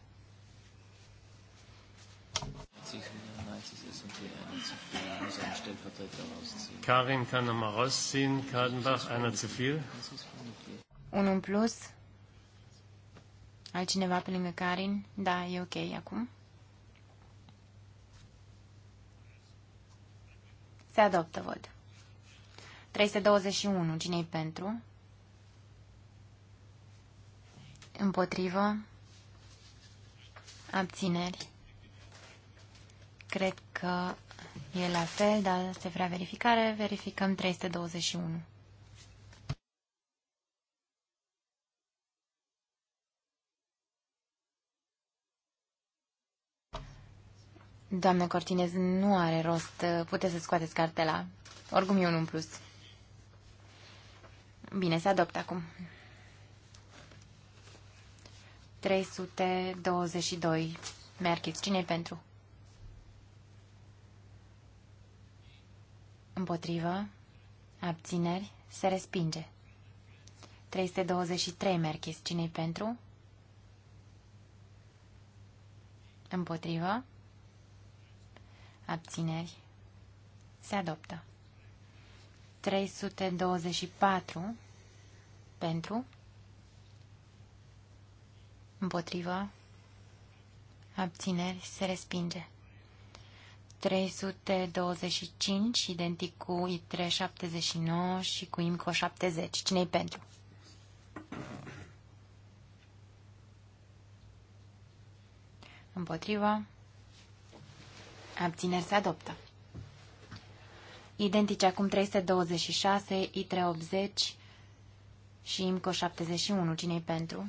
ist und hier einer zu viel. Stellvertreter rausziehen. Karin kann nochmal rausziehen. Kadenbach, einer zu viel. Unul plus. Altcineva pe lângă Karin? Da, e ok acum. Se adoptă, văd. 321. cine e pentru? Împotrivă. Abțineri. Cred că e la fel, dar se vrea verificare. Verificăm 321. Doamne Cortinez, nu are rost. Puteți să scoateți cartela. Oricum e un în plus. Bine, se adoptă acum. 322. Merchiți. cine pentru? Împotrivă. Abțineri. Se respinge. 323 Merchis. cine pentru? Împotrivă. Abțineri. Se adoptă. 324 pentru. Împotrivă. Abțineri. Se respinge. 325, identic cu I379 și cu IMCO 70. Cine-i pentru? Împotriva. Abțineri se adoptă. Identice acum 326, I380 și IMCO 71. Cine-i pentru?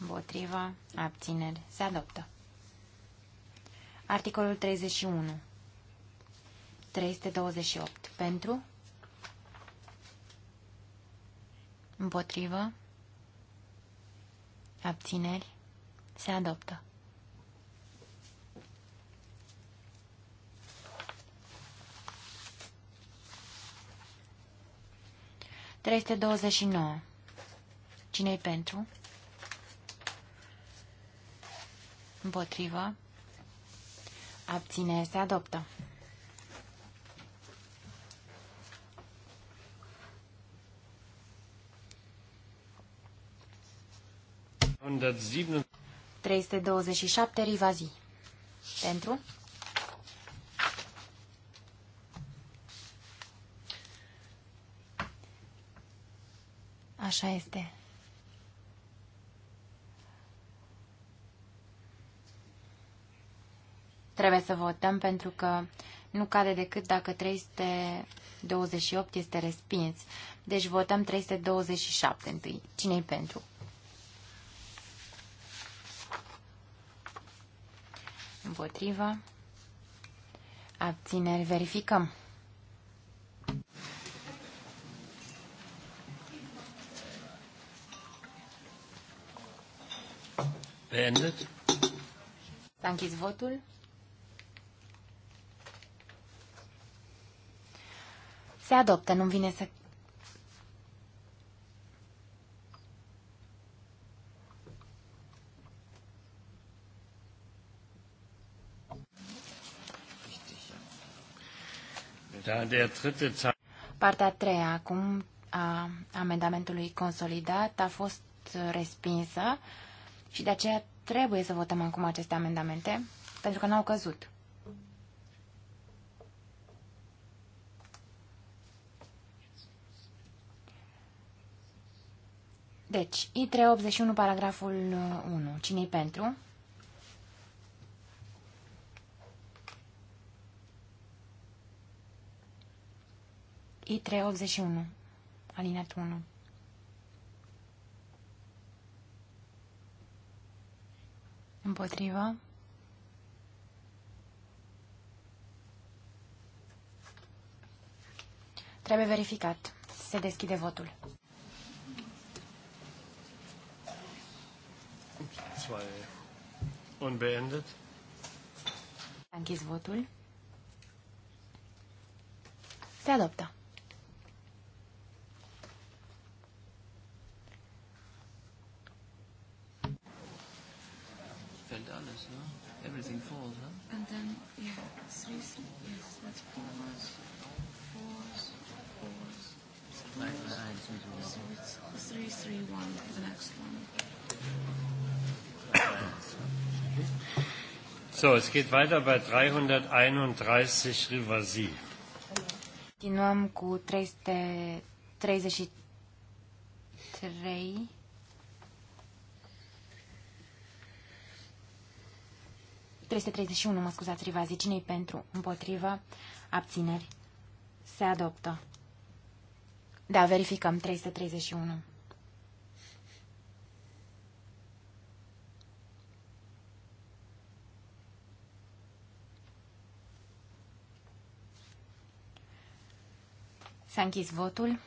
Împotriva. Abțineri se adoptă. Articolul 31. 328. Pentru? Împotrivă? Abțineri? Se adoptă. Trei douăzeci Cine-i pentru? Împotrivă? Abține, se adoptă. Treizeci, douăzeci și șapte rivazi. Pentru? Așa este. trebuie să votăm pentru că nu cade decât dacă 328 este respins. Deci votăm 327 întâi. cine pentru? Împotriva. Abțineri. Verificăm. Beendet. S-a închis votul. Se adoptă, nu-mi vine să... Da, Partea a treia acum a amendamentului consolidat a fost respinsă și de aceea trebuie să votăm acum aceste amendamente pentru că n-au căzut. Deci, I381, paragraful 1. Uh, Cine-i pentru? I381, alinat 1. Împotrivă. Trebuie verificat. Se deschide votul. zwei închis votul. Se adoptă. Fällt alles, ne? Everything falls, huh? And then, yeah, three, yes, that's four, four, four, three, three, one, the next one. So, es geht weiter bei 331 Rivasi. Continuăm cu 333 331, mă scuzați, Rivazi, cine pentru, împotrivă, abțineri, se adoptă. Da, verificăm, 331. S-a închis votul.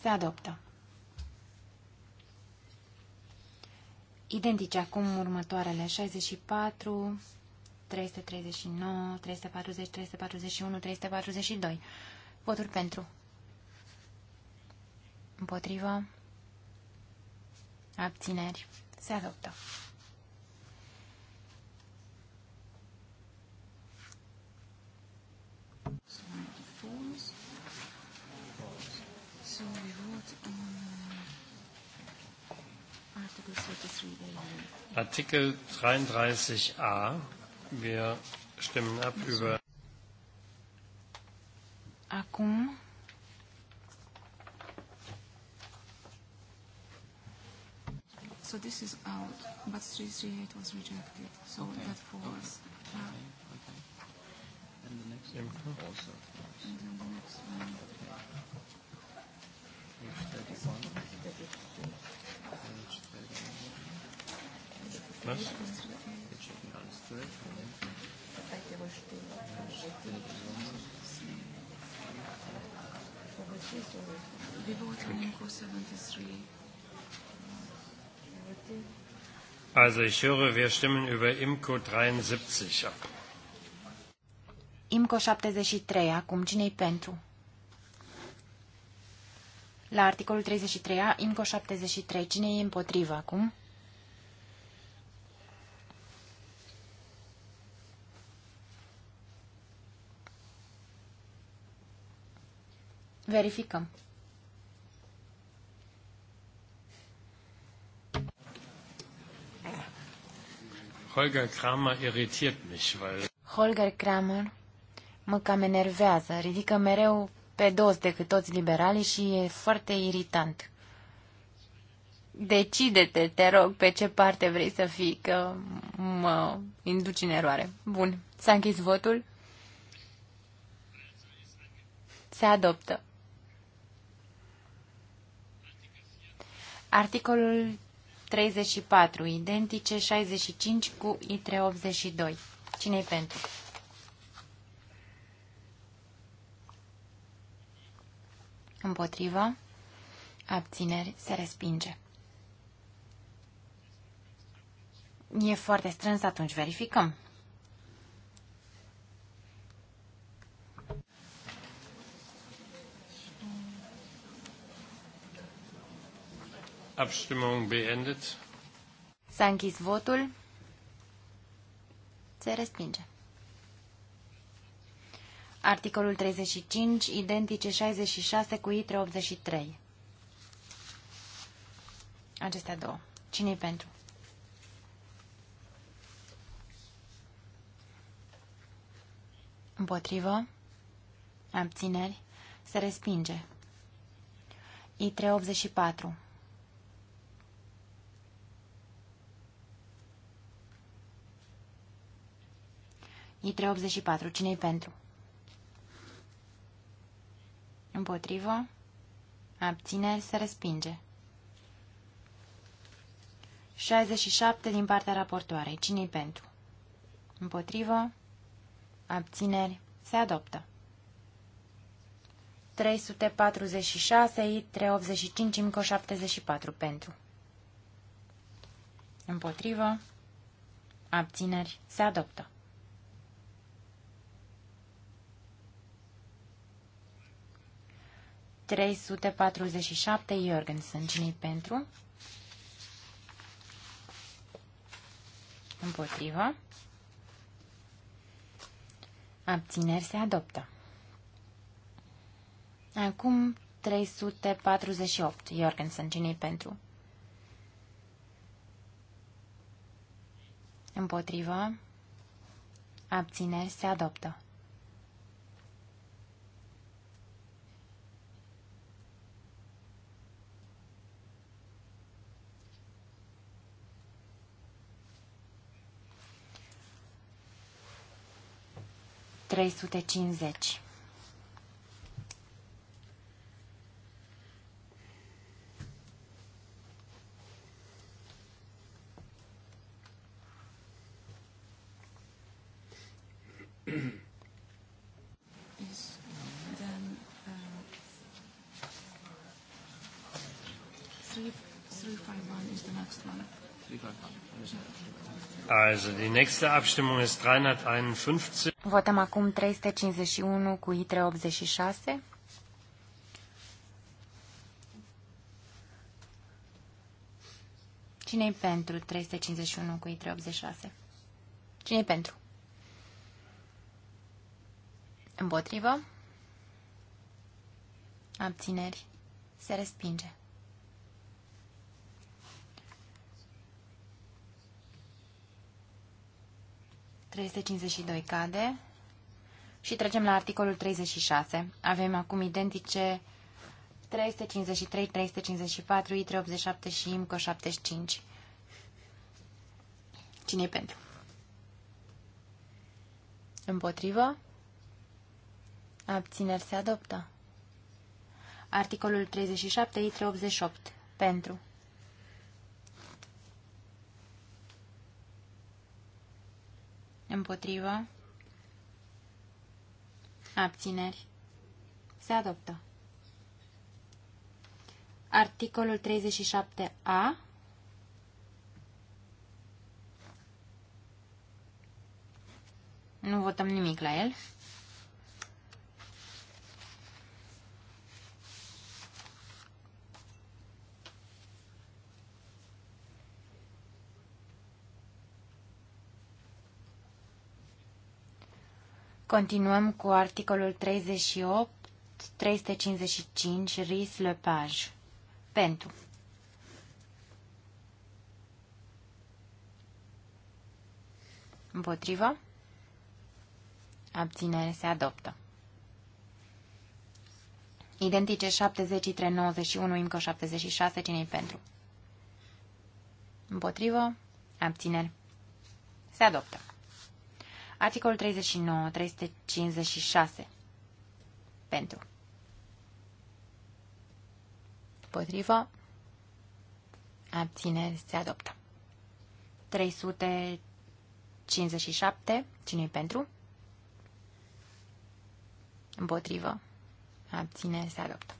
Se adoptă. Identice acum următoarele 64, 339, 340, 341, 342. Voturi pentru. Împotrivă. Abțineri. Se adoptă. Artikel 33a. Wir stimmen ab über. Acum So this is out, but 338 was rejected. So okay. that falls. Okay. okay. And the next one also falls. And then the next one. Okay. Page 31. Page 31. Also ich höre, wir stimmen über Imco 73 ab. Imco 73, acum cine-i pentru? La articolul 33 Imco 73, cine e împotrivă acum? Verificăm. Holger Kramer irritiert mich, weil... Holger Kramer mă cam enervează, ridică mereu pe dos decât toți liberalii și e foarte iritant. Decide-te, te rog, pe ce parte vrei să fii, că mă induci în eroare. Bun, s-a închis votul. Se adoptă. Articolul 34, identice 65 cu ITRE 82. cine e pentru? Împotrivă. Abțineri. Se respinge. E foarte strâns, atunci verificăm. Abstimmung beendet. S-a închis votul. Se respinge. Articolul 35, identice 66 cu ITRE 83. Acestea două. cine pentru? Împotrivă. Abțineri. Se respinge. ITRE 84. E 384 Cine-i pentru? Împotrivă. Abțineri se respinge. 67 din partea raportoarei. Cine-i pentru? Împotrivă. Abțineri se adoptă. 346, 385, IMCO 74 pentru. Împotrivă. Abțineri se adoptă. 347 Jorgensen. cine pentru? Împotrivă. Abțineri se adoptă. Acum 348 Jorgensen. cine pentru? Împotrivă. Abțineri se adoptă. 350. Three, three, five, one is the next one. Also, die nächste Abstimmung ist 351. Votăm acum 351 cu ITRE 86. Cine-i pentru 351 cu ITRE 86? Cine-i pentru? Împotrivă? Abțineri? Se respinge. 352 cade. Și trecem la articolul 36. Avem acum identice 353, 354, ITRE 87 și IMCO 75. Cine e pentru? Împotrivă? Abțineri se adoptă. Articolul 37, ITRE 88. Pentru. Împotrivă. Abțineri. Se adoptă. Articolul 37a. Nu votăm nimic la el. Continuăm cu articolul 38, 355, RIS Lepage. Pentru. Împotrivă. Abținere se adoptă. Identice 73, 91, încă 76, cine pentru? Împotrivă. Abțineri. Se adoptă. Articolul 39, 356. Pentru. Potrivă. Abțineri se adoptă. 357. Cine-i pentru? Împotrivă. Abțineri se adoptă.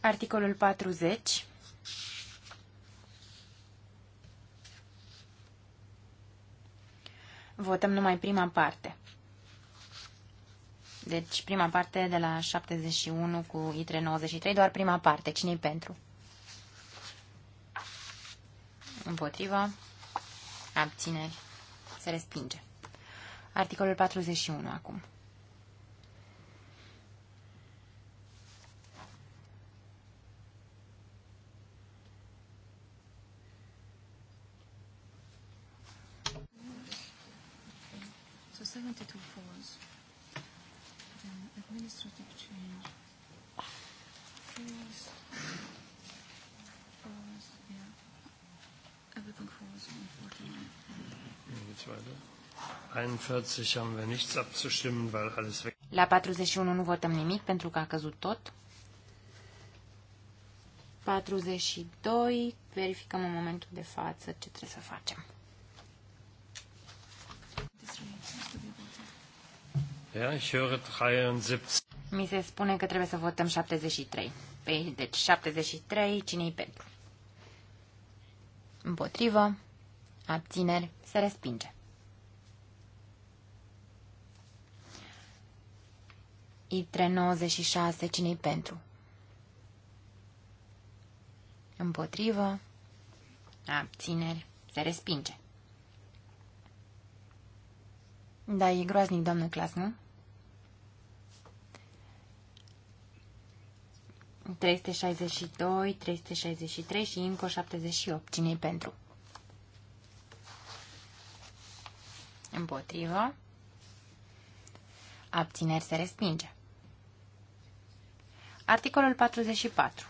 Articolul 40. Votăm numai prima parte. Deci prima parte de la 71 cu ITRE 93, doar prima parte. cine pentru? Împotriva. Abțineri. Se respinge. Articolul 41 acum. 72 falls. Then administrative change. Falls. Falls, yeah. Everything falls on 49. 41 haben wir nichts abzustimmen, weil alles weg. La 41 nu votăm nimic pentru că a căzut tot. 42, verificăm în momentul de față ce trebuie să facem. Mi se spune că trebuie să votăm 73. Păi, deci 73, cine-i pentru? Împotrivă, abțineri, se respinge. Itre 96, cine-i pentru? Împotrivă, abțineri, se respinge. Da, e groaznic, doamnă Clas, nu? 362, 363 și încă 78. cine pentru? Împotrivă. Abțineri se respinge. Articolul 44.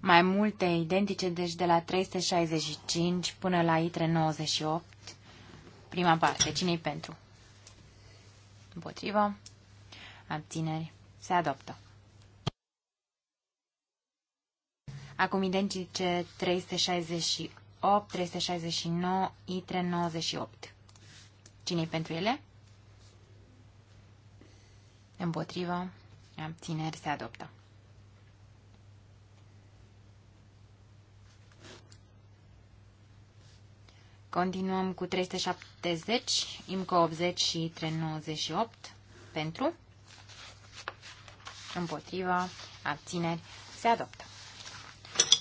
mai multe identice, deci de la 365 până la ITRE 98, prima parte. Cine-i pentru? Împotrivă. Abțineri. Se adoptă. Acum identice 368, 369, ITRE 98. Cine-i pentru ele? Împotrivă. Abțineri. Se adoptă. Continuăm cu 370, IMCO 80 și 398 pentru, împotriva, abțineri, se adoptă.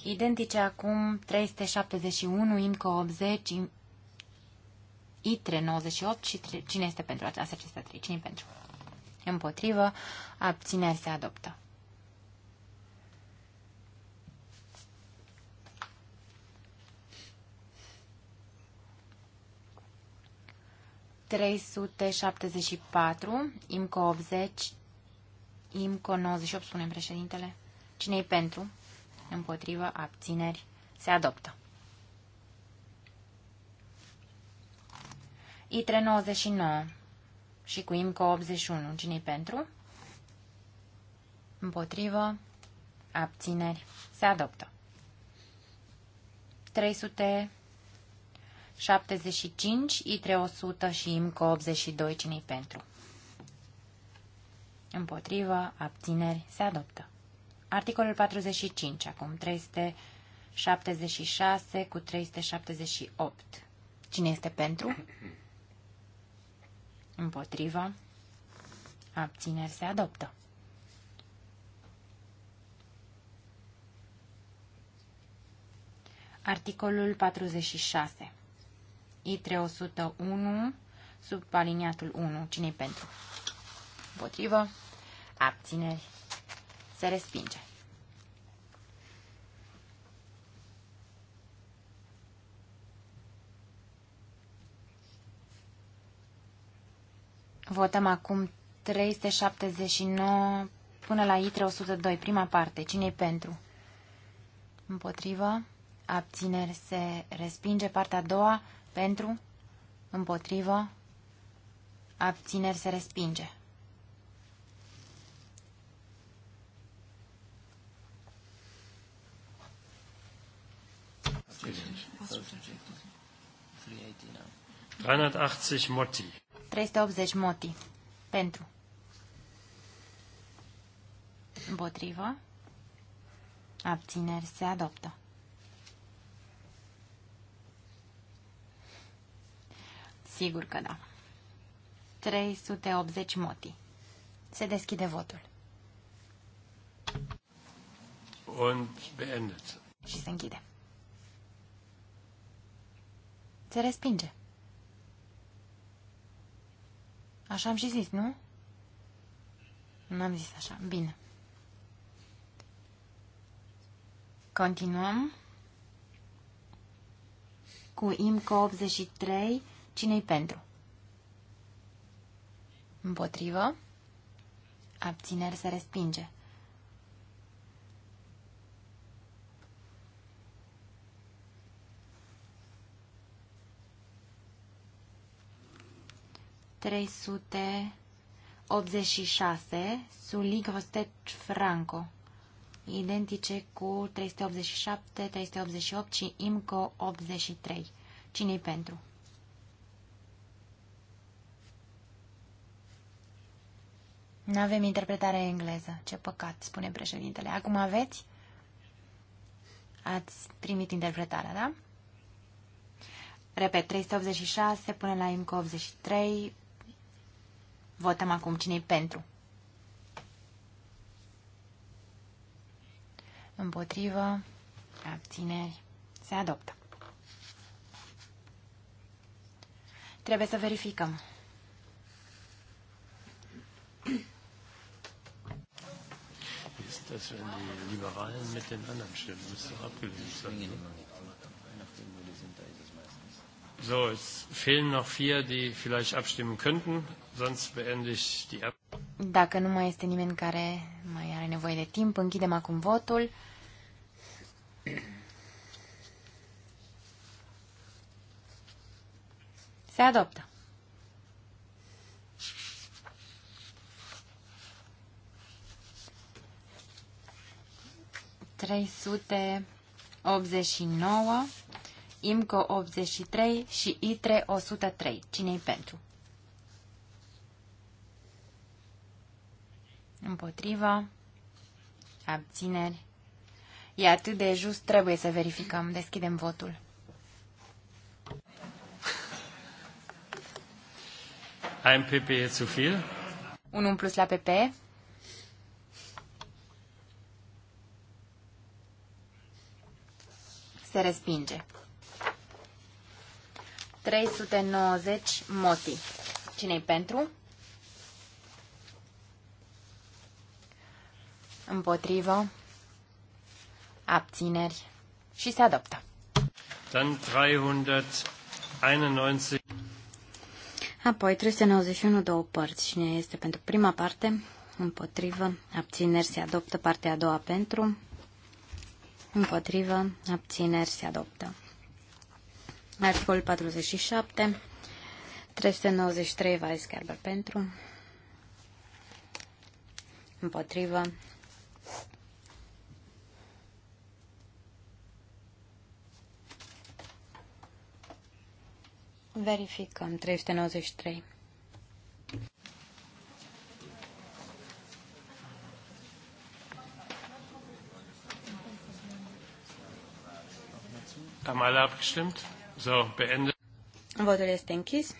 Identice acum 371, IMCO 80, ITRE 98 și cine este pentru aceasta? Acestea trei, cine pentru? Împotrivă, abțineri se adoptă. 374, IMCO 80, IMCO 98, spune președintele. Cine-i pentru? Împotrivă, abțineri, se adoptă. ITRE 99 și cu IMCO 81, cine-i pentru? Împotrivă, abțineri, se adoptă. 300 75, i 100 și IMCO 82, cine pentru? Împotrivă, abțineri, se adoptă. Articolul 45, acum 376 cu 378. Cine este pentru? Împotrivă, abțineri, se adoptă. Articolul 46 I301 sub aliniatul 1. Cine-i pentru? potrivă, Abțineri. Se respinge. Votăm acum 379 până la I302, prima parte. Cine-i pentru? Împotrivă. Abțineri se respinge. Partea a doua pentru, împotrivă, abțineri se respinge. Moti. 380 Moti. Pentru. Împotrivă. Abțineri se adoptă. Sigur că da. 380 moti. Se deschide votul. Und beendet. Și se închide. Se respinge. Așa am și zis, nu? N-am zis așa. Bine. Continuăm cu IMCO 83 Cine-i pentru? Împotrivă. Abțineri se respinge. Trei sute optzeci și șase, Sulig Rostet Franco, identice cu 387, 388 și IMCO 83. Cine-i pentru? Nu avem interpretare engleză. Ce păcat, spune președintele. Acum aveți? Ați primit interpretarea, da? Repet, 386 până la IMCO 83. Votăm acum cine pentru. Împotrivă. Abțineri. Se adoptă. Trebuie să verificăm. dass wenn die Liberalen mit den anderen stimmen, müsste doch abgelehnt sein. Da so, es fehlen noch vier, die vielleicht abstimmen könnten, sonst beende ich die Ab Dacă nu mai este nimeni care mai are nevoie de timp, închidem acum votul. Se adoptă. 389, IMCO 83 și ITRE 103. Cine-i pentru? Împotriva. Abțineri. E atât de just, trebuie să verificăm. Deschidem votul. Ein PP e zu Un plus la PP. se respinge. 390 moti. Cine-i pentru? Împotrivă. Abțineri. Și se adoptă. Dan 391. Apoi 391 două părți. Cine este pentru prima parte? Împotrivă. Abțineri se adoptă partea a doua pentru împotrivă, abțineri se adoptă. Articolul 47, 393 vai Weisgerber pentru, împotrivă, Verificăm 393. Am alle abgestimmt? So, beendet. Votul este închis.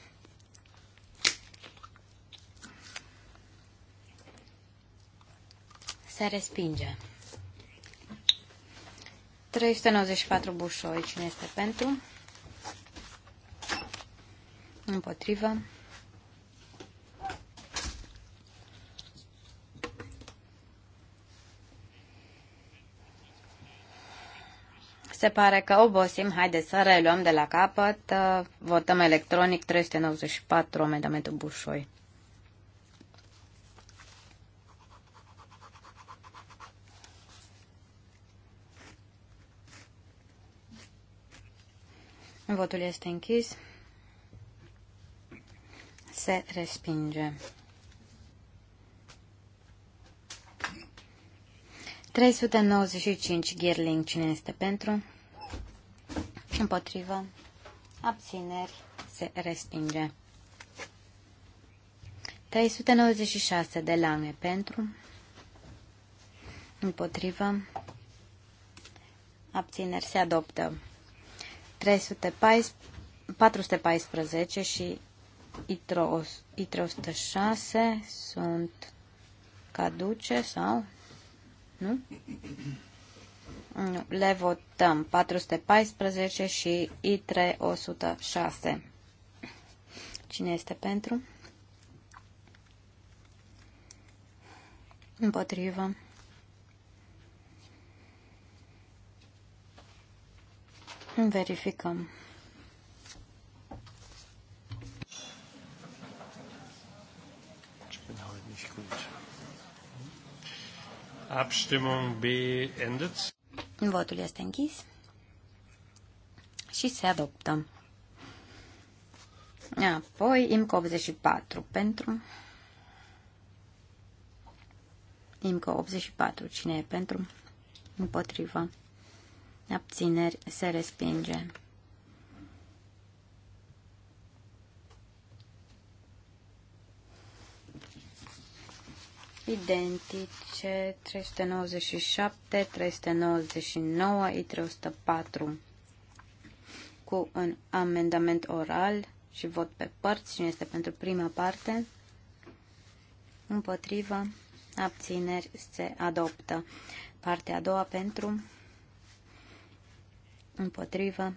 Se respinge. 394 bușoi. Cine este pentru? Împotrivă. Se pare că obosim. haide să reluăm de la capăt. Uh, votăm electronic 394 amendamentul Bușoi. Votul este închis. Se respinge. 395 Girling, cine este pentru? Împotrivă. Abțineri. Se respinge. 396 de lange pentru. Împotrivă. Abțineri. Se adoptă. 314, 414 și ITRO 106 sunt caduce sau nu? Le votăm 414 și I3 106. Cine este pentru? Împotrivă. Verificăm. Abstimmung beendet. Votul este închis și se adoptă. Apoi IMCO 84 pentru IMCO 84. Cine e pentru? Împotrivă. Abțineri se respinge. identice 397, 399, 304 cu un amendament oral și vot pe părți. Cine este pentru prima parte? Împotrivă. Abțineri se adoptă. Partea a doua pentru. Împotrivă.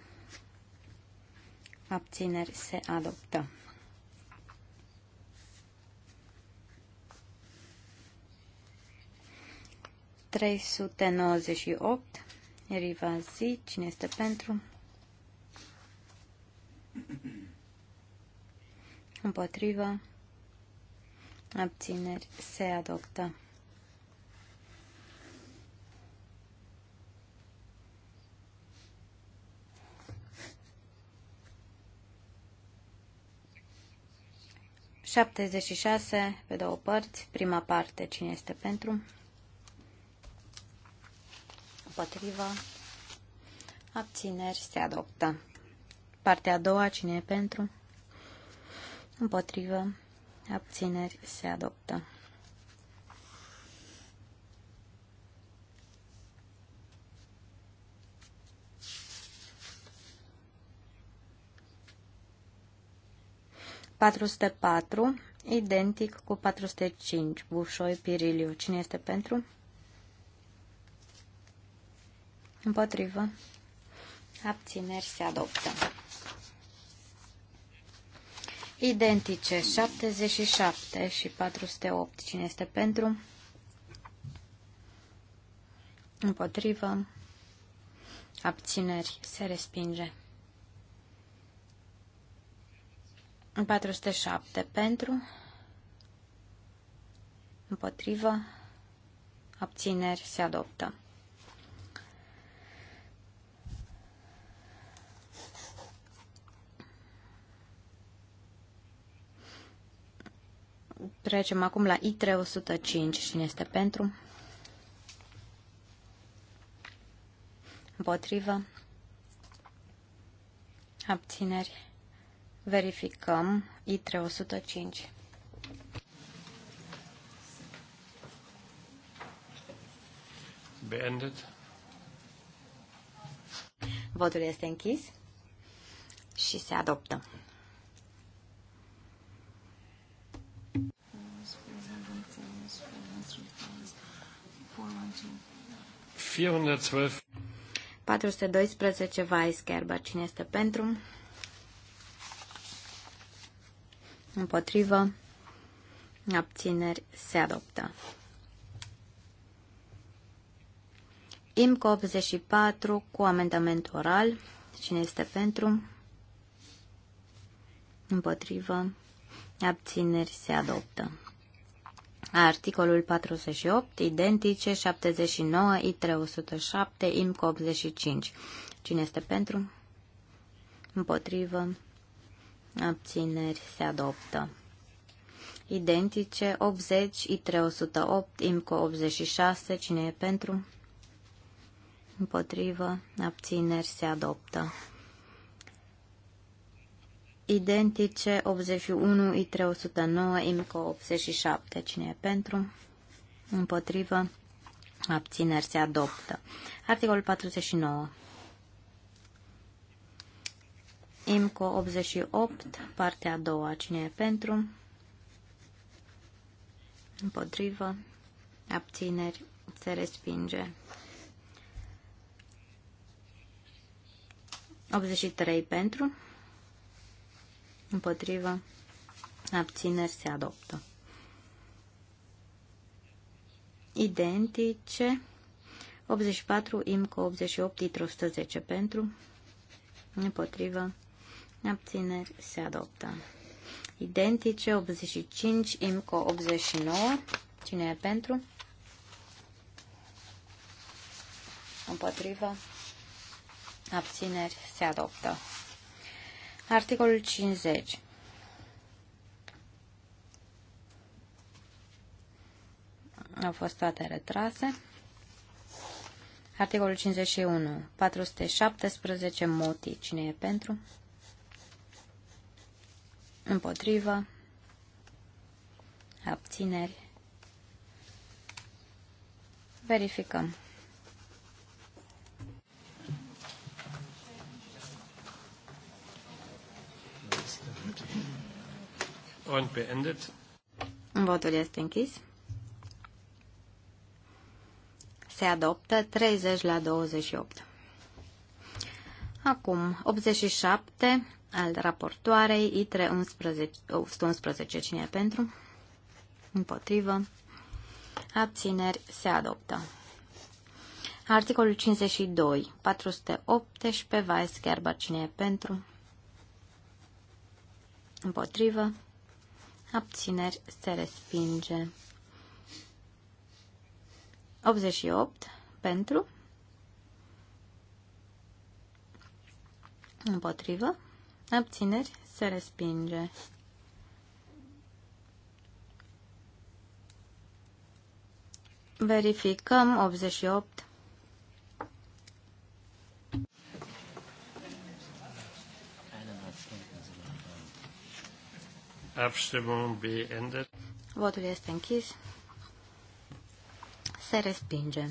Abțineri se adoptă. 398. zi, Cine este pentru? Împotrivă. Abțineri. Se adoptă. Șaptezeci și șase pe două părți. Prima parte. Cine este pentru? Împotrivă. Abțineri se adoptă. Partea a doua, cine e pentru? Împotrivă. Abțineri se adoptă. patru identic cu 405, Bușoi, Piriliu. Cine este pentru? Împotrivă. Abțineri se adoptă. Identice 77 și 408. Cine este pentru? Împotrivă. Abțineri se respinge. 407 pentru. Împotrivă. Abțineri se adoptă. Trecem acum la i 105. Cine este pentru? Împotrivă? Abțineri? Verificăm i 105. Beendet. Votul este închis și se adoptă. 412. 412 Weisgerber. Cine este pentru? Împotrivă. Abțineri se adoptă. IMCO 84 cu amendament oral. Cine este pentru? Împotrivă. Abțineri se adoptă. Articolul 48, identice, 79, I307, IMC 85. Cine este pentru? Împotrivă. Abțineri se adoptă. Identice, 80, I308, IMC 86. Cine e pentru? Împotrivă. Abțineri se adoptă identice 81, i 309 IMCO 87. Cine e pentru? Împotrivă? Abțineri se adoptă. Articolul 49. IMCO 88, partea a doua. Cine e pentru? Împotrivă? Abțineri se respinge. 83 pentru, împotrivă, abțineri se adoptă. Identice, 84, IMCO 88, ITRO 110 pentru, împotrivă, abțineri se adoptă. Identice, 85, IMCO 89, cine e pentru? Împotrivă, abțineri se adoptă. Articolul 50. Au fost toate retrase. Articolul 51. 417 motii. Cine e pentru? Împotrivă. Abțineri. Verificăm. und beendet. Votul este închis. Se adoptă 30 la 28. Acum, 87 al raportoarei, ITRE 11, cine e pentru? Împotrivă. Abțineri se adoptă. Articolul 52, 418, Vice Gerber, cine e pentru? Împotrivă abțineri, se respinge. 88 pentru, împotrivă, abțineri, se respinge. Verificăm 88 Abstimmung beendet. Votul este închis. Se respinge.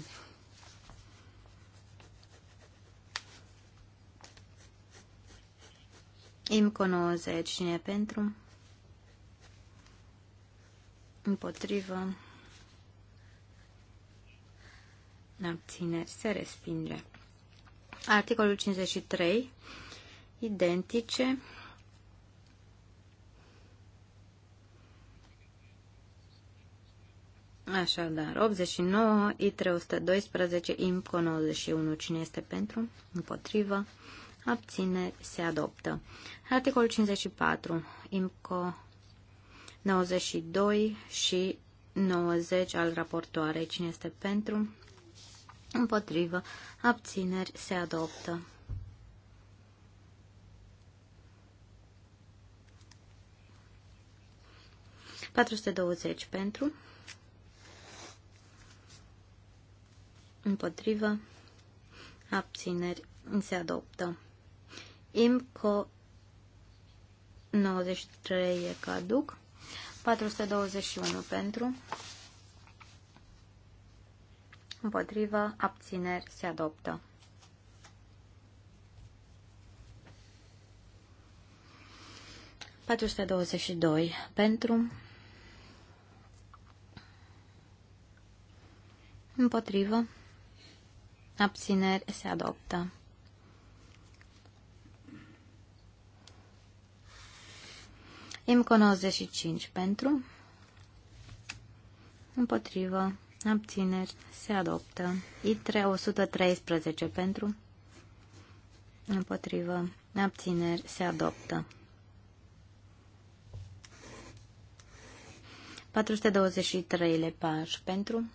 IMCO 90. Cine pentru? Împotrivă. Abțineri. Se respinge. Articolul 53. Identice. Așadar, 89, I312, IMCO 91. Cine este pentru? Împotrivă. abține se adoptă. Articolul 54, IMCO 92 și 90 al raportoarei. Cine este pentru? Împotrivă. Abțineri se adoptă. patru pentru împotrivă, abțineri, se adoptă. IMCO 93 e caduc, 421 pentru, împotrivă, abțineri, se adoptă. doi pentru împotrivă abțineri, se adoptă. IMCO 95 pentru, împotrivă, abțineri, se adoptă. I3 113 pentru, împotrivă, abțineri, se adoptă. 423 pași pentru,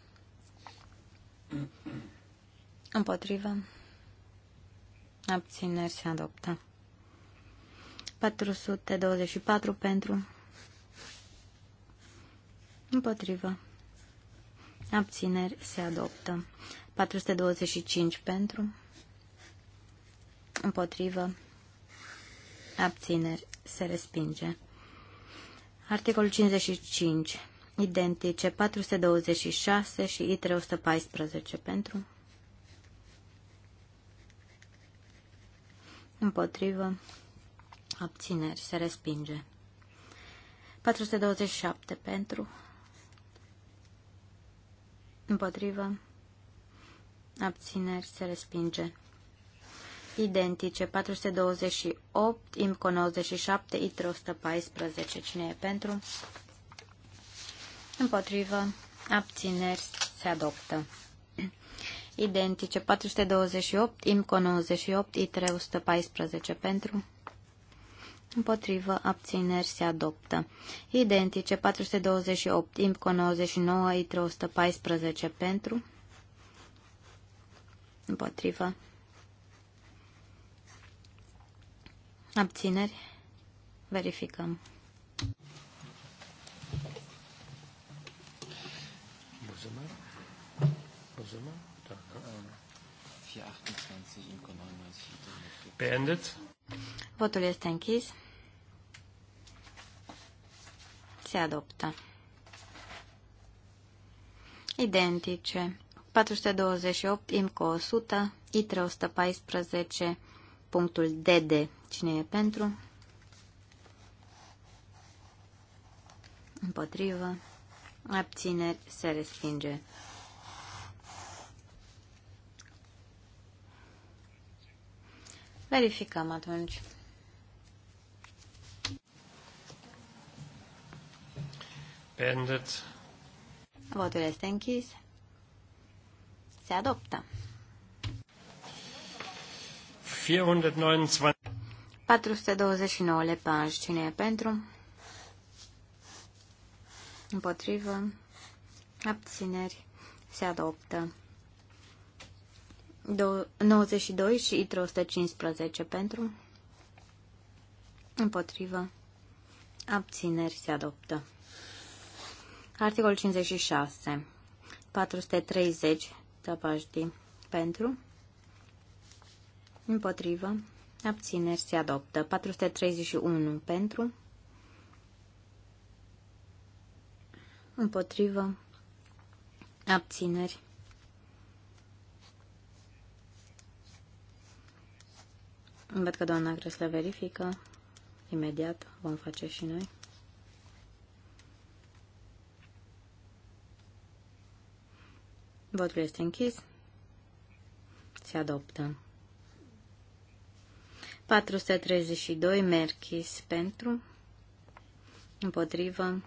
Împotrivă. Abțineri se adoptă. 424 pentru. Împotrivă. Abțineri se adoptă. 425 pentru. Împotrivă. Abțineri se respinge. Articolul 55. Identice 426 și I314 pentru. împotrivă, abțineri, se respinge. 427 pentru, împotrivă, abțineri, se respinge. Identice, 428, IMCO 97, ITRO 114, cine e pentru? Împotrivă, abțineri, se adoptă identice 428, IMCO 98, I 314 pentru, împotrivă, abțineri se adoptă. Identice 428, IMCO 99, I 314 pentru, împotrivă, abțineri, verificăm. Mulțumesc. Mulțumesc. Beendet. Votul este închis. Se adoptă. Identice. 428, IMCO 100, ITRE 114, punctul DD. Cine e pentru? Împotrivă. Abțineri se respinge. Verificăm atunci. Beendet. Votul este închis. Se adoptă. 429. lepași. Cine e pentru? Împotrivă. Abțineri. Se adoptă. 92 și 315 pentru, împotrivă, abțineri se adoptă. Articol 56, 430, tăpașdi, pentru, împotrivă, abțineri se adoptă. 431 pentru, împotrivă, abțineri Văd că doamna Gresle verifică. Imediat vom face și noi. Votul este închis. Se adoptă. 432 merchis pentru, împotrivă,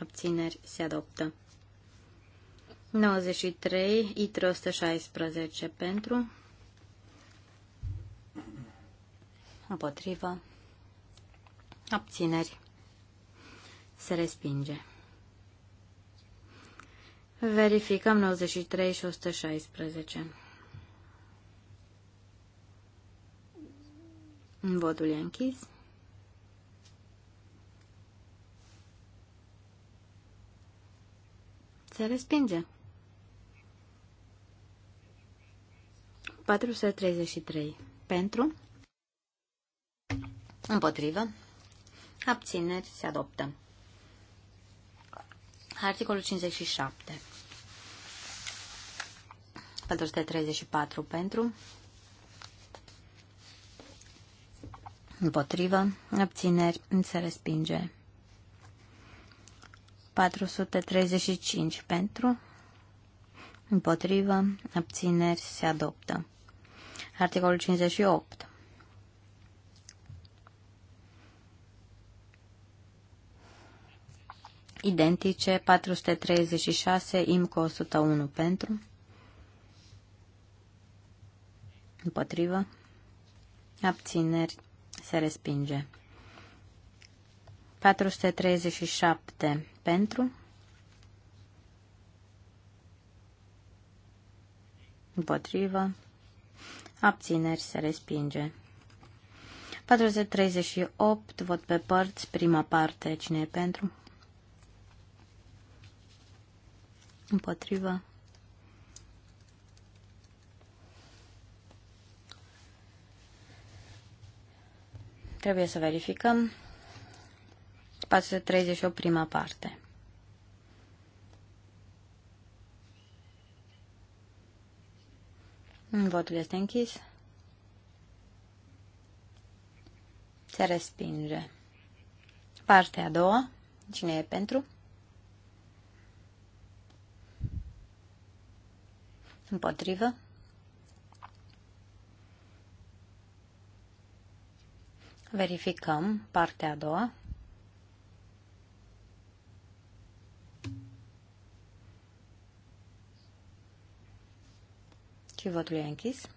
abțineri se adoptă. 93 i 316 pentru, împotrivă, abțineri, se respinge. Verificăm 93 și 116. Votul e închis. Se respinge. 433. Pentru. Împotrivă. Abțineri se adoptă. Articolul 57. 434 pentru. Împotrivă. Abțineri se respinge. 435 pentru. Împotrivă. Abțineri se adoptă. Articolul 58. Identice 436, IMCO 101 pentru. Împotrivă. Abțineri se respinge. 437 pentru. Împotrivă. Abțineri se respinge. 438 vot pe părți, prima parte, cine e pentru? împotrivă. Trebuie să verificăm. 438 prima parte. Votul este închis. Se respinge. Partea a doua. Cine e pentru? Împotrivă. Verificăm partea a doua. Și votul e închis.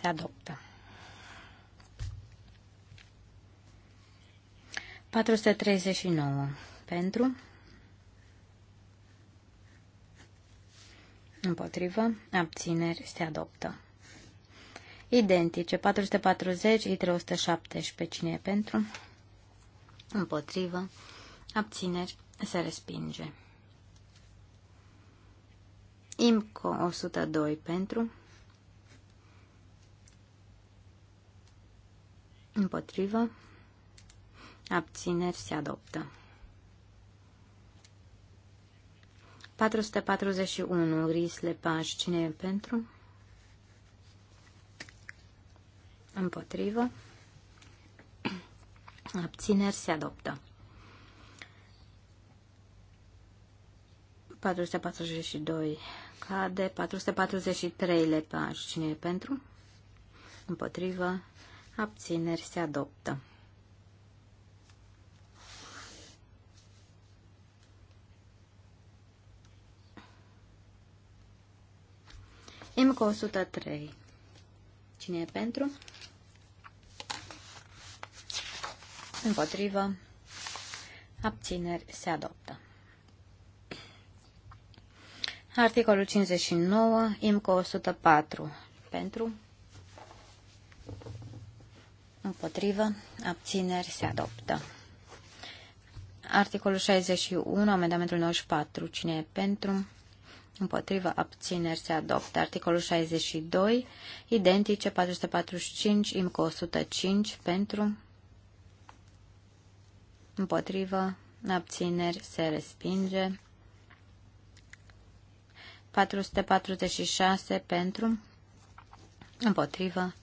Se adoptă. 439 pentru Împotrivă. Abțineri. Se adoptă. Identice. 440, litre 117. Cine e pentru? Împotrivă. Abțineri. Se respinge. IMCO 102 pentru. Împotrivă. Abțineri se adoptă. 441, Gris Paș, cine e pentru? Împotrivă. Abțineri se adoptă. 442 cade, 443 Lepaj, cine e pentru? Împotrivă. Abțineri se adoptă. IMCO 103. Cine e pentru? Împotrivă. Abțineri se adoptă. Articolul 59, IMCO 104. Pentru? Împotrivă. Abțineri se adoptă. Articolul 61, amendamentul 94. Cine e pentru? Împotrivă abțineri se adoptă. Articolul 62, identice 445, IMCO 105, pentru. Împotrivă abțineri se respinge. 446 pentru. Împotrivă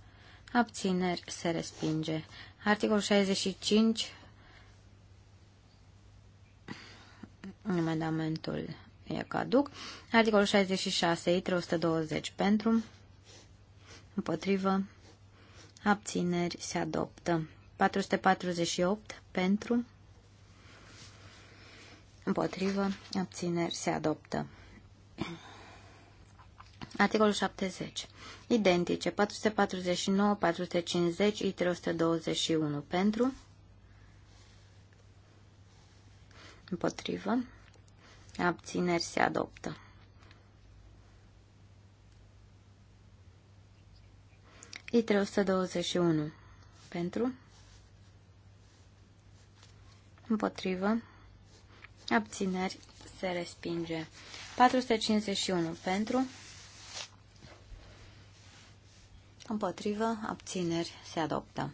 abțineri se respinge. Articolul 65, amendamentul e caduc. Articolul 66, 320 pentru, împotrivă, abțineri se adoptă. 448 pentru, împotrivă, abțineri se adoptă. Articolul 70. Identice 449, 450, ITRE 321 pentru, împotrivă, abțineri se adoptă. I 321 pentru, împotrivă, abțineri se respinge. 451 pentru, împotrivă, abțineri se adoptă.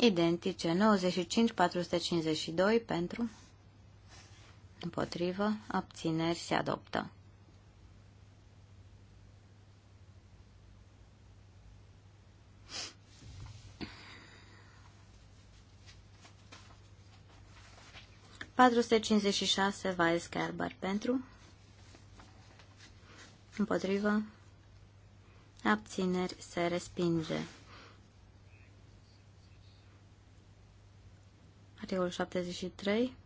identice 95 452 pentru împotrivă abțineri se adoptă patruste cincizeci și șase Weisgerber pentru împotrivă abțineri se respinge Articolul 73.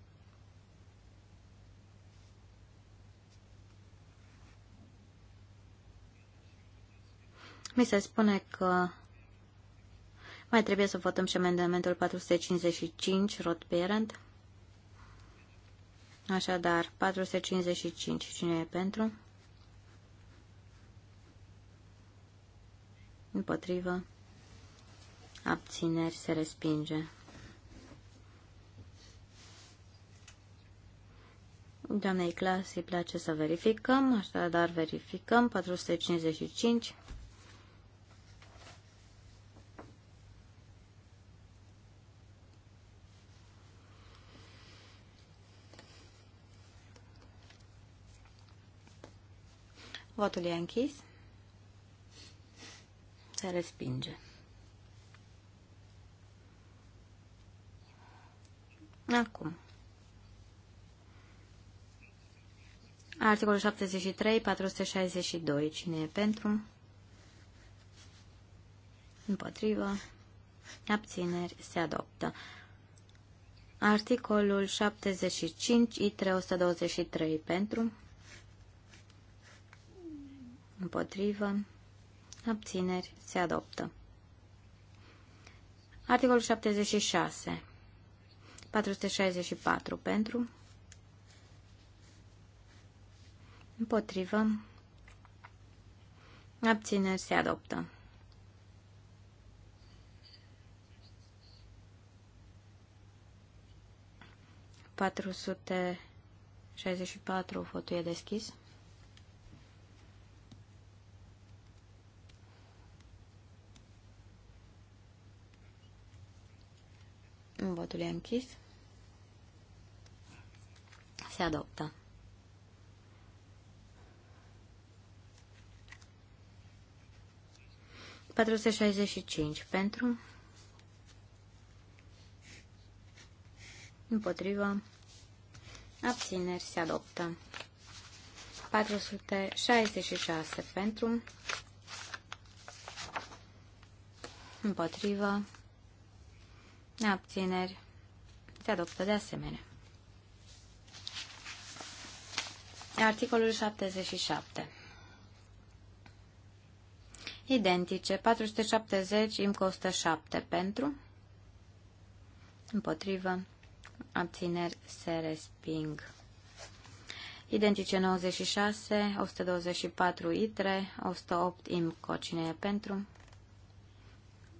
Mi se spune că mai trebuie să votăm și amendamentul 455, Rod Parent. Așadar, 455. Cine e pentru? Împotrivă. Abțineri se respinge. Doamnei clase îi place să verificăm, așadar verificăm 455. Votul e închis. Se respinge. Acum. Articolul 73, 462. Cine e pentru? Împotrivă. Abțineri. Se adoptă. Articolul 75, ITRE 123. Pentru? Împotrivă. Abțineri. Se adoptă. Articolul 76. 464. Pentru? Împotrivă. Abțineri se adoptă. Patru sute șaizeci și patru votul e deschis. Votul e închis. Se adoptă. 465 pentru, împotrivă, abțineri se adoptă. 466 pentru, împotrivă, abțineri se adoptă de asemenea. Articolul 77 identice 470 IMCO 107 pentru împotrivă abțineri se resping identice 96 124 ITRE 108 IMCO cine e pentru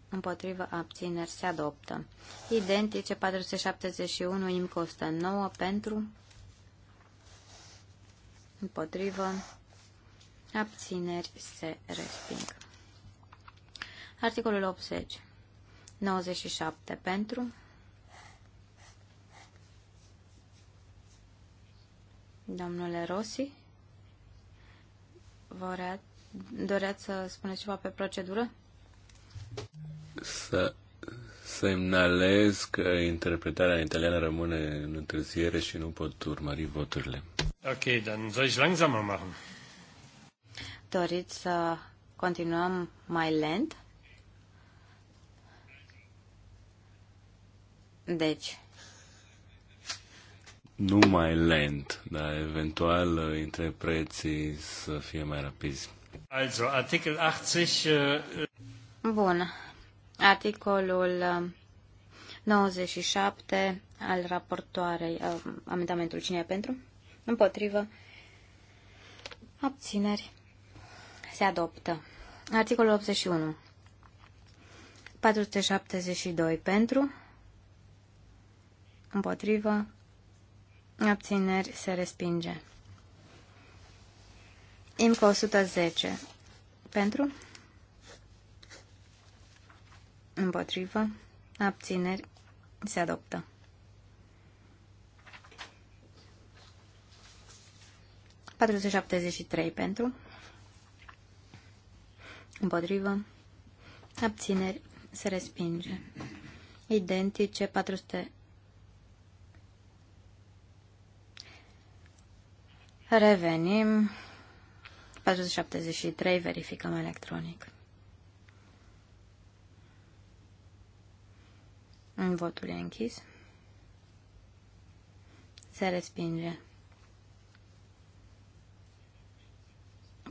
împotrivă abțineri se adoptă identice 471 IMCO 109 pentru împotrivă abțineri se resping Articolul 80. 97 pentru. Domnule Rossi, vă doreați să spuneți ceva pe procedură? Să semnalez că interpretarea în italiană rămâne în întârziere și nu pot urmări voturile. Ok, dann să ich langsamer machen. Doriți să continuăm mai lent? Deci, nu mai lent, dar eventual între preții să fie mai rapizi. Also, articol 80... Uh... Bun. Articolul 97 uh, al raportoarei, uh, amendamentul cine e pentru? Împotrivă. Abțineri. Se adoptă. Articolul 81. 472 pentru, împotrivă, abțineri se respinge. IMCO 110 pentru, împotrivă, abțineri se adoptă. trei pentru, împotrivă, abțineri se respinge. Identice 400 Revenim. 473, verificăm electronic. Votul e închis. Se respinge.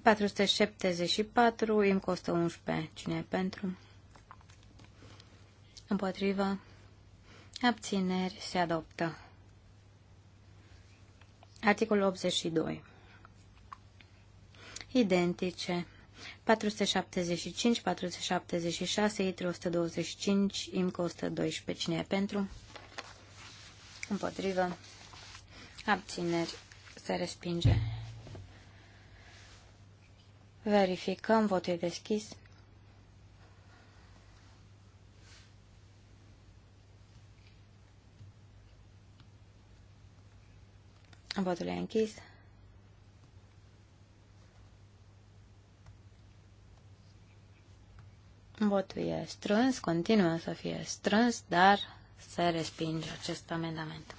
474, îmi costă 11. Cine e pentru? Împotrivă. Abțineri se adoptă. Articolul 82. Identice. 475, 476, ITRE 125, IMCO 112. Cine e pentru? Împotrivă. Abțineri. Se respinge. Verificăm. Votul e deschis. Votul e închis. Votul e strâns, continuă să fie strâns, dar se respinge acest amendament.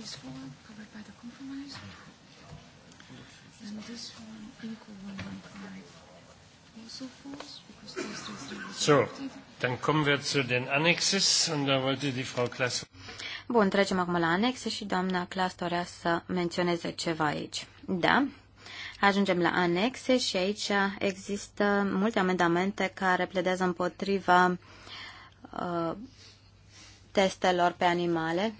This one covered by the compromise, and this one equal So, dann kommen wir zu den Annexes und da wollte die Frau Bun, trecem acum la anexe și doamna Clas dorea să menționeze ceva aici. Da, ajungem la anexe și aici există multe amendamente care pledează împotriva uh, testelor pe animale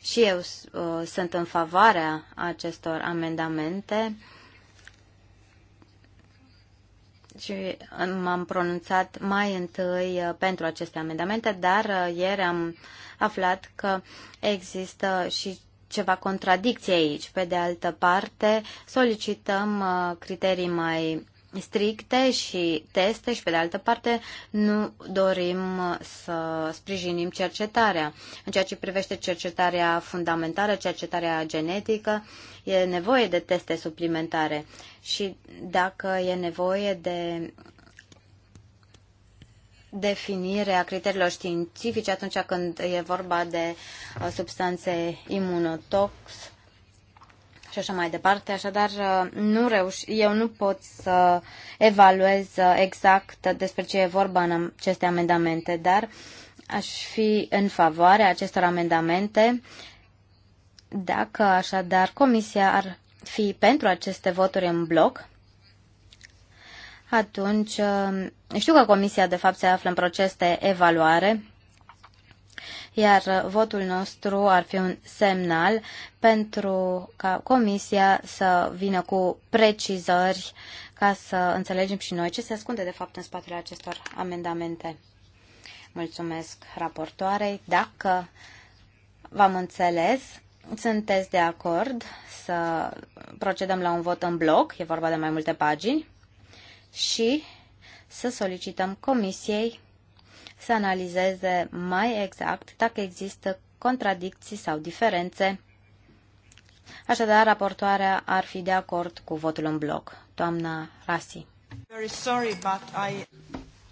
și eu uh, sunt în favoarea acestor amendamente. Uh, și m-am pronunțat mai întâi uh, pentru aceste amendamente, dar uh, ieri am aflat că există și ceva contradicție aici. Pe de altă parte, solicităm uh, criterii mai stricte și teste și, pe de altă parte, nu dorim să sprijinim cercetarea. În ceea ce privește cercetarea fundamentală, cercetarea genetică, e nevoie de teste suplimentare și dacă e nevoie de definirea criteriilor științifice atunci când e vorba de uh, substanțe imunotox, și așa mai departe. Așadar, uh, nu reuș- eu nu pot să evaluez uh, exact despre ce e vorba în aceste amendamente, dar aș fi în favoarea acestor amendamente dacă așadar Comisia ar fi pentru aceste voturi în bloc, atunci uh, știu că Comisia de fapt se află în proces de evaluare iar votul nostru ar fi un semnal pentru ca Comisia să vină cu precizări ca să înțelegem și noi ce se ascunde de fapt în spatele acestor amendamente. Mulțumesc raportoarei. Dacă v-am înțeles, sunteți de acord să procedăm la un vot în bloc, e vorba de mai multe pagini, și să solicităm comisiei să analizeze mai exact dacă există contradicții sau diferențe. Așadar, raportoarea ar fi de acord cu votul în bloc. Doamna Rasi. Very sorry, but I...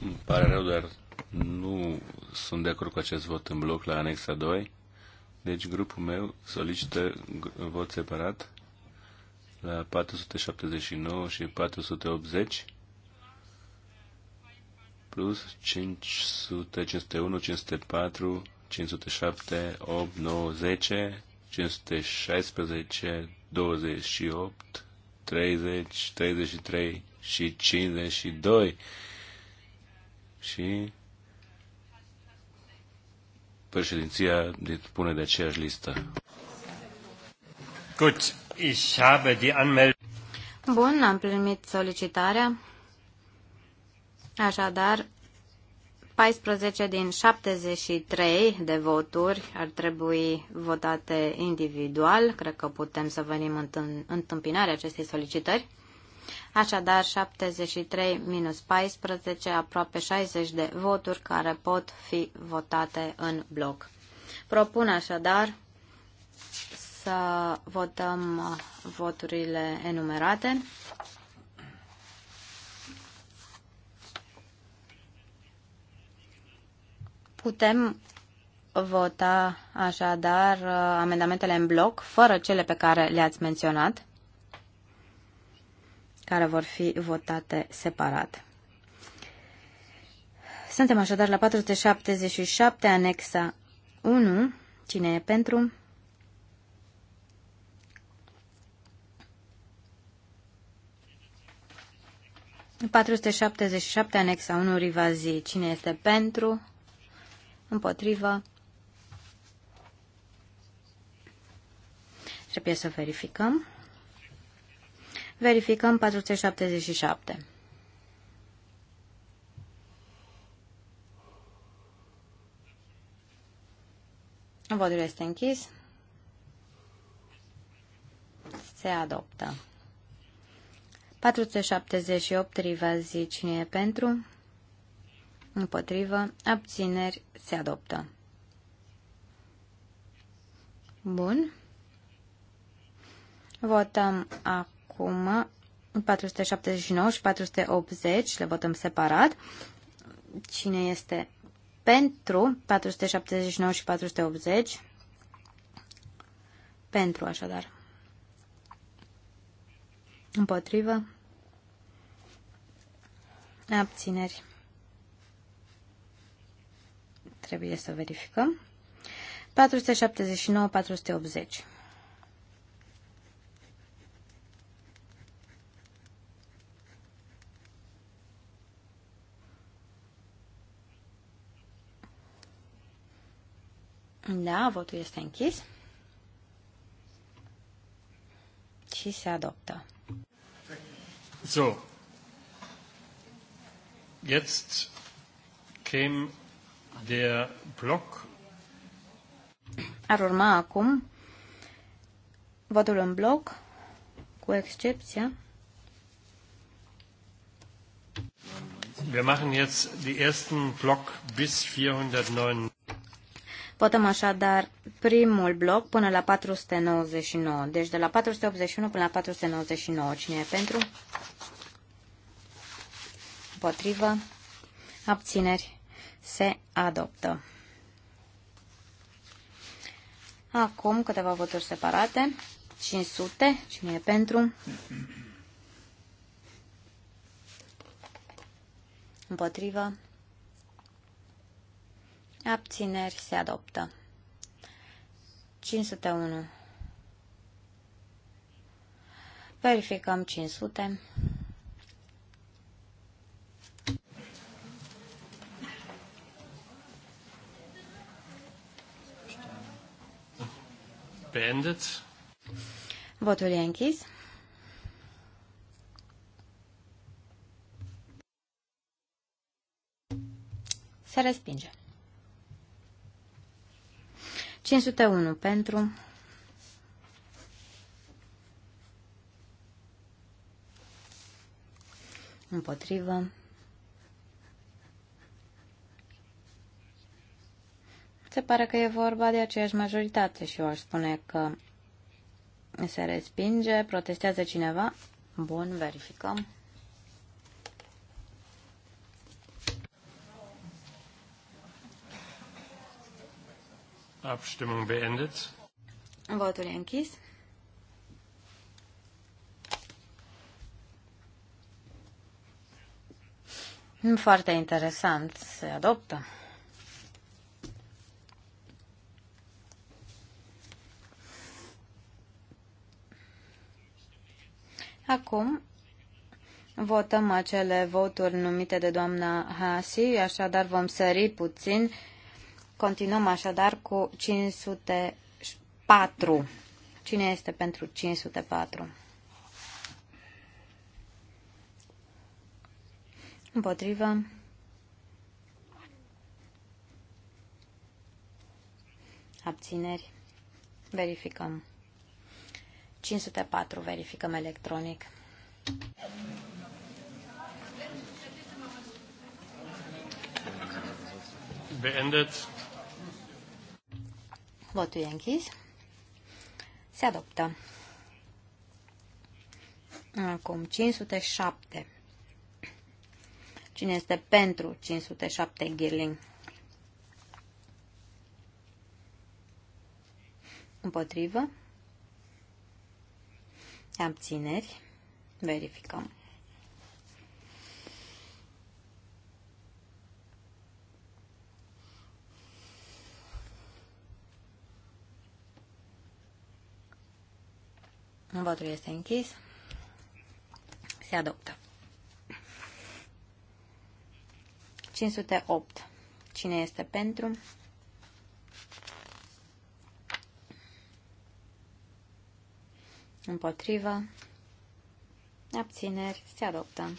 Îmi pare rău, dar nu sunt de acord cu acest vot în bloc la anexa 2. Deci grupul meu solicită vot separat la 479 și 480 plus 500, 501, 504, 507, 8, 9, 10, 516, 28, 30, 33 și 52 și președinția dispune de aceeași listă. Gut, ich habe die Anmeldung. Bun, am primit solicitarea. Așadar, 14 din 73 de voturi ar trebui votate individual. Cred că putem să venim în întâmpinarea acestei solicitări. Așadar, 73 minus 14, aproape 60 de voturi care pot fi votate în bloc. Propun așadar să votăm uh, voturile enumerate. Putem vota așadar uh, amendamentele în bloc, fără cele pe care le-ați menționat, care vor fi votate separat. Suntem așadar la 477, anexa 1. Cine e pentru? În 477, anexa 1, Rivazi. Cine este pentru? împotrivă. Trebuie să verificăm. Verificăm 477. Votul este închis. Se adoptă. 478 rivazi cine e pentru? Împotrivă. Abțineri. Se adoptă. Bun. Votăm acum 479 și 480. Le votăm separat. Cine este pentru 479 și 480? Pentru, așadar. Împotrivă. Abțineri. Trebuie să verificăm. 479-480. Da, votul este închis. Și se adoptă. So. Jetzt käme ar urma acum votul în bloc, cu excepția. Wir machen jetzt die ersten Block bis 409. Votăm așadar primul bloc până la 499. Deci de la 481 până la 499. Cine e pentru? Potrivă? Abțineri? se adoptă. Acum câteva voturi separate. 500. Cine e pentru? Împotrivă. Abțineri se adoptă. 501. Verificăm 500. beendet. Votul e închis. Se respinge. 501 pentru împotrivă Se pare că e vorba de aceeași majoritate și eu aș spune că se respinge, protestează cineva. Bun, verificăm. Abstimmung beendet. Votul e închis. Foarte interesant. Se adoptă. Acum votăm acele voturi numite de doamna Hasi, așadar vom sări puțin. Continuăm așadar cu 504. Cine este pentru 504? Împotrivă. Abțineri. Verificăm. 504 verificăm electronic. Beendet. Votul e închis. Se adoptă. Acum 507. Cine este pentru 507 Ghirling? Împotrivă abțineri, verificăm. Votul este închis. Se adoptă. 508. Cine este pentru? Împotrivă. Abțineri. Se adoptă.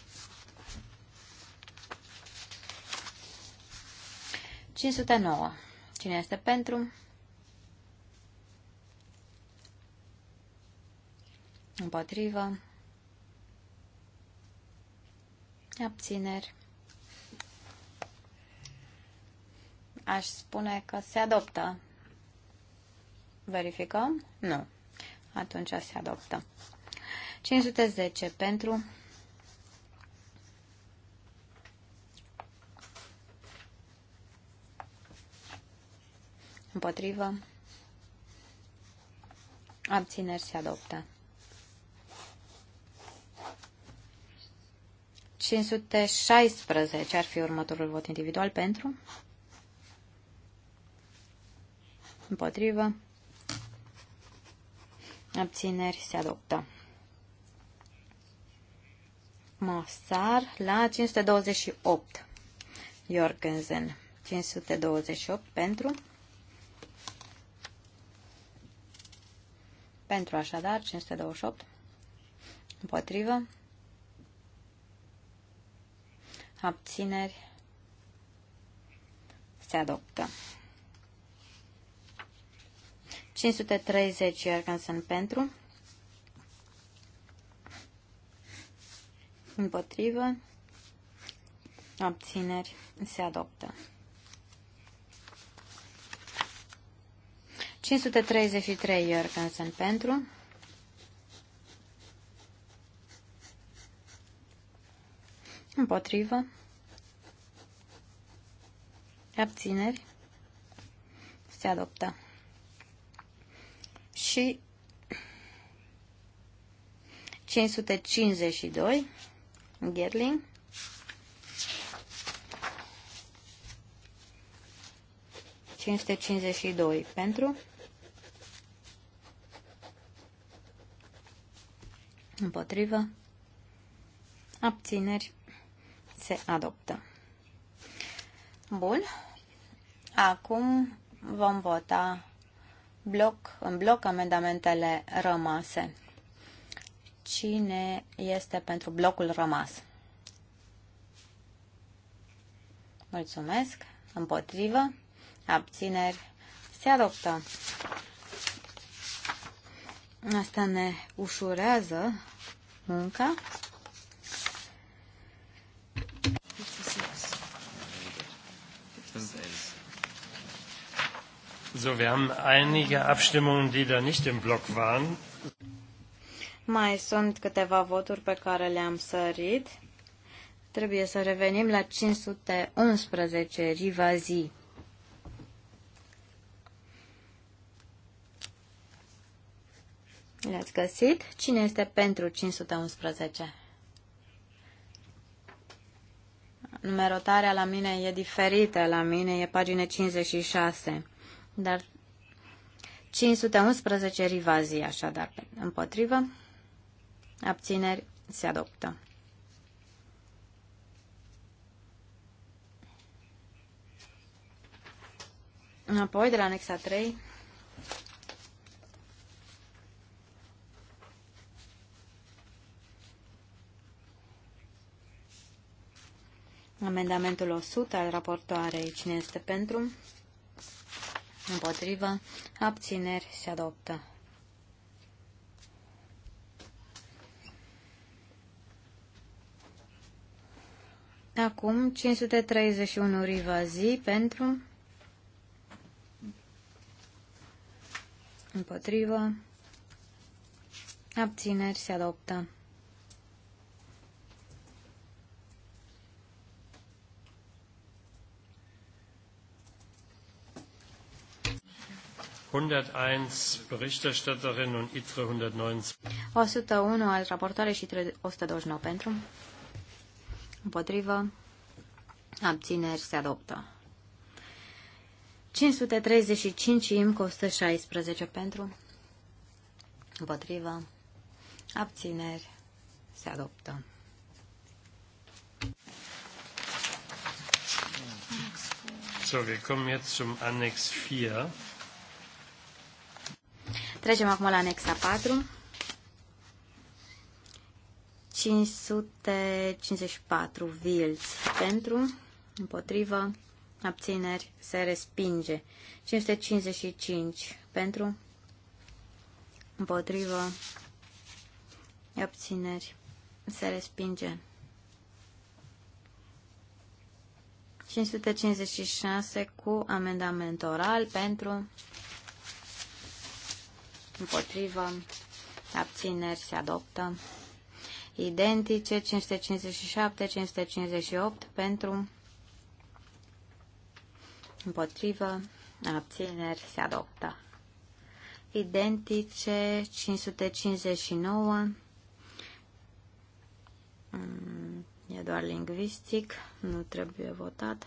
509. Cine este pentru? Împotrivă. Abțineri. Aș spune că se adoptă. Verificăm? Nu atunci se adoptă. 510 pentru împotrivă abțineri se adoptă. 516 ar fi următorul vot individual pentru împotrivă abțineri se adoptă. Masar la 528. Jorgensen 528 pentru pentru așadar 528 împotrivă abțineri se adoptă. 530 Jorgensen pentru. Împotrivă. Abțineri. Se adoptă. 533 Jorgensen pentru. Împotrivă. Abțineri. Se adoptă și 552 Gerling doi pentru împotrivă abțineri se adoptă. Bun. Acum vom vota bloc, în bloc amendamentele rămase. Cine este pentru blocul rămas? Mulțumesc. Împotrivă. Abțineri. Se adoptă. Asta ne ușurează munca. So, wir haben einige Abstimmungen, die da nicht im Block waren. Mai sunt câteva voturi pe care le-am sărit. Trebuie să revenim la 511 Rivazi. Le-ați găsit? Cine este pentru 511? Numerotarea la mine e diferită, la mine e pagina 56 dar 511 rivazii, așadar, împotrivă, abțineri, se adoptă. Apoi, de la anexa 3, Amendamentul 100 al raportoarei. Cine este pentru? împotrivă, abțineri se adoptă. Acum 531 rivazi pentru împotrivă, abțineri se adoptă. 101 Berichterstatterin und ITRE 190. 101 al raportoare și 129 pentru. Împotrivă. Abțineri se adoptă. 535 IMC 116 pentru. Împotrivă. Abțineri se adoptă. So, wir kommen jetzt zum Annex 4. Trecem acum la anexa 4. 554 vilți pentru, împotrivă, abțineri, se respinge. 555 pentru, împotrivă, abțineri, se respinge. 556 cu amendament oral pentru împotrivă, abțineri se adoptă. Identice 557, 558 pentru, împotrivă, abțineri se adoptă. Identice 559, mm, e doar lingvistic, nu trebuie votat.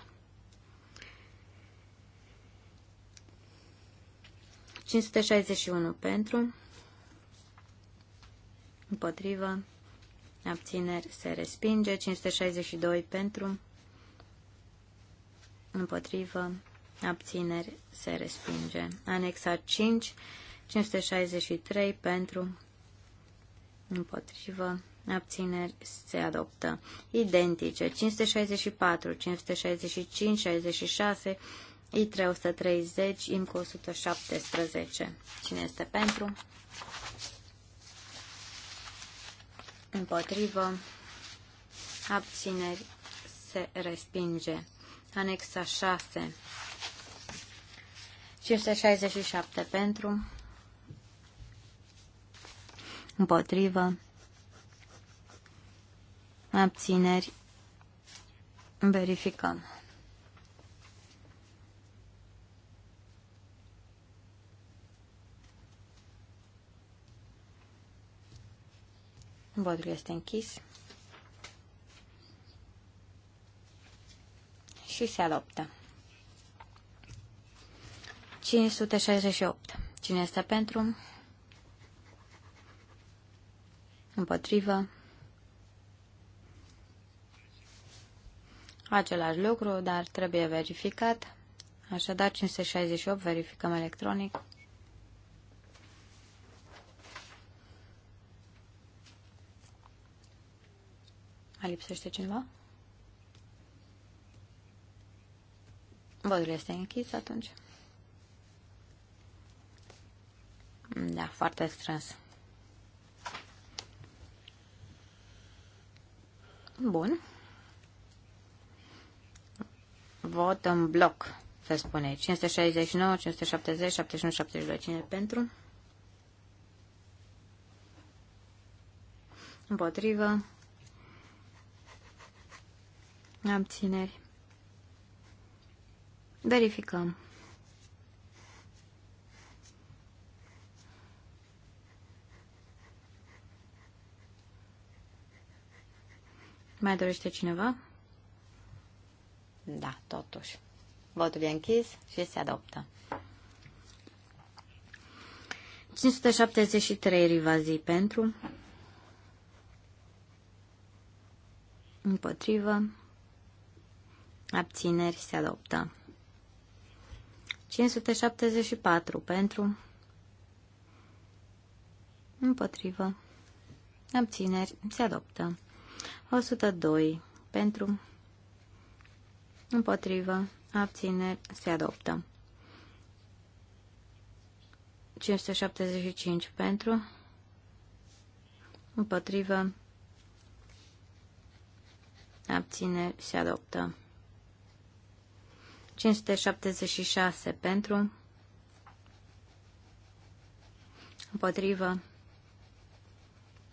561 pentru, împotrivă, abțineri se respinge, 562 pentru, împotrivă, abțineri se respinge. Anexa 5, 563 pentru, împotrivă, abțineri se adoptă. Identice, 564, 565, 66, i 330, 130, IMCO 117. Cine este pentru? Împotrivă. Abțineri se respinge. Anexa 6. 567 pentru. Împotrivă. Abțineri. Verificăm. Bodul este închis. Și se adoptă. 568. Cine este pentru? Împotrivă. Același lucru, dar trebuie verificat. Așadar, 568 verificăm electronic. Mai lipsește cineva? Votul este închis atunci. Da, foarte strâns. Bun. Vot în bloc, se spune. 569, 570, 71, 72. Cine pentru? Împotrivă. Abțineri. Verificăm. Mai dorește cineva? Da, totuși. Votul e închis și se adoptă. 573 rivazii pentru, împotrivă, abțineri se adoptă. 574 pentru, împotrivă, abțineri se adoptă. 102 pentru, împotrivă, abțineri se adoptă. 575 pentru, împotrivă, abțineri se adoptă. 576 pentru, împotrivă,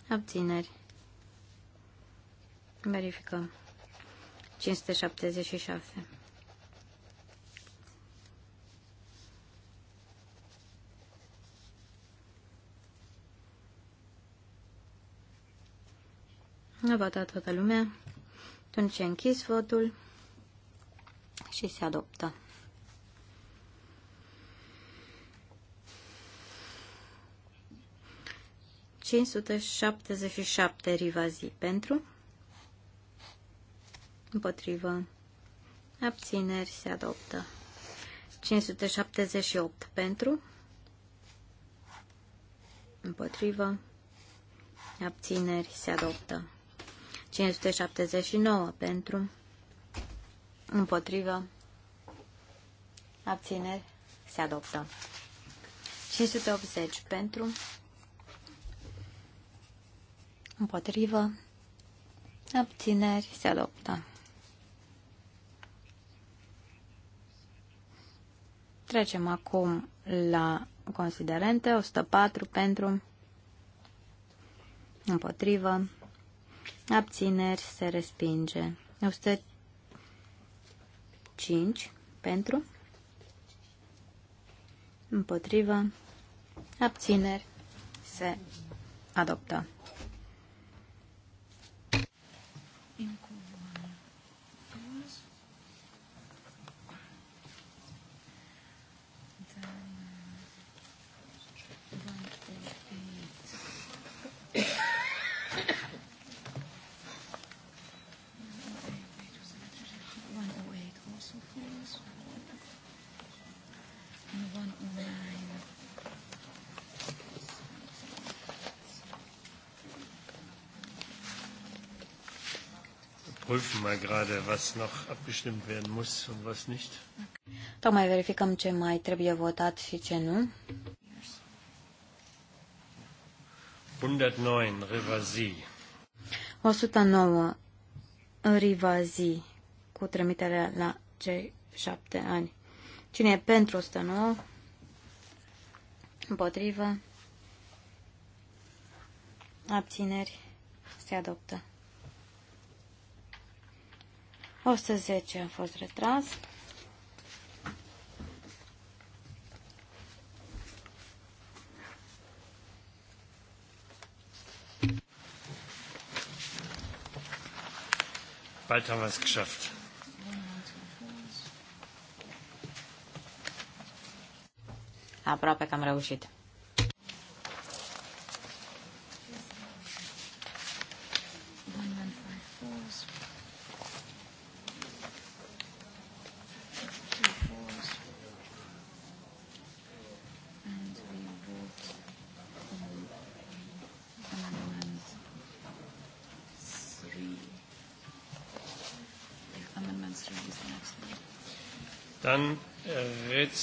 abțineri. Verificăm. 576. A votat toată lumea. Atunci e închis votul și se adoptă. șapte rivazi pentru, împotrivă, abțineri se adoptă. 578 pentru, împotrivă, abțineri se adoptă. 579 pentru, Împotrivă. Abțineri. Se adoptă. 580 pentru. Împotrivă. Abțineri. Se adoptă. Trecem acum la considerente. 104 pentru. Împotrivă. Abțineri. Se respinge. 100 5 pentru, împotrivă, abțineri, se adoptă. überprüfen mal gerade, was noch abgestimmt werden muss und was nicht. Tocmai verificăm ce mai trebuie votat și ce nu. 109, Rivasi. 109, Rivazi, cu trimitere la cei șapte ani. Cine e pentru 109? Împotrivă? Abțineri? Se adoptă. 110 a fost retras. Bald haben wir es geschafft. Aproape că am reușit.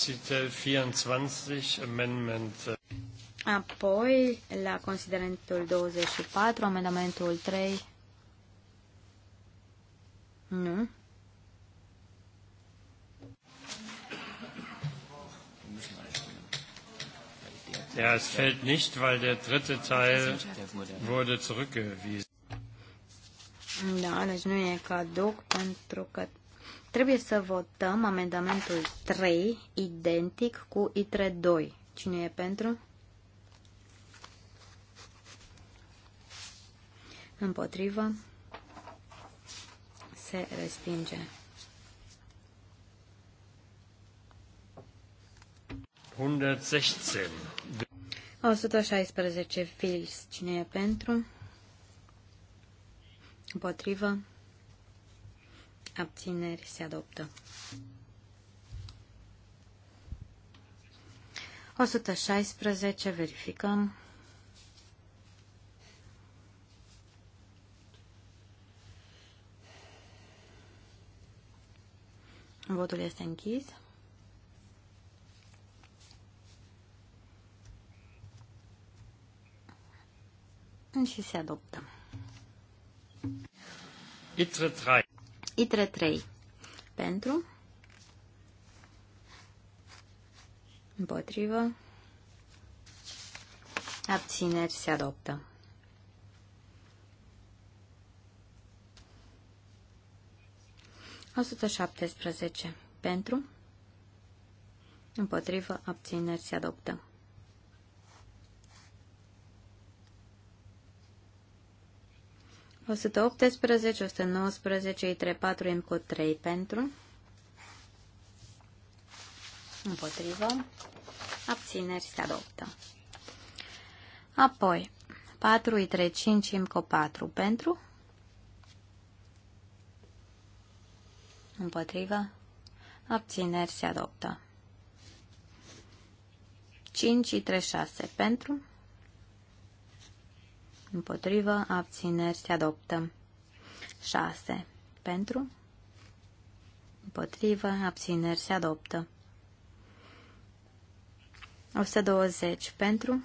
Artikel 24, Amendment. Äh, Apoi, la considerentul 24, amendamentul 3. Nu. Ja, es fällt nicht, weil der dritte Teil wurde zurückgewiesen. Da, deci nu e caduc pentru că Trebuie să votăm amendamentul 3, identic cu ITRE 2. Cine e pentru? Împotrivă. Se respinge. Hundertsechzehn. 116 fils. Cine e pentru? Împotrivă abțineri, se adoptă. 116, verificăm. Votul este închis. Și se adoptă. Itre 3. ITRE 3. Pentru. Împotrivă. Abțineri se adoptă. Osută șaptesprezece. Pentru. Împotrivă. Abțineri se adoptă. 118, 119, I3, 4, IMCO 3 pentru. Împotrivă. Abțineri se adoptă. Apoi, 4, 3 5, IMCO 4 pentru. Împotrivă. Abțineri se adoptă. 5 3, 6 pentru. Împotrivă împotrivă, abțineri, se adoptă. 6. Pentru, împotrivă, abțineri, se adoptă. 120. Pentru,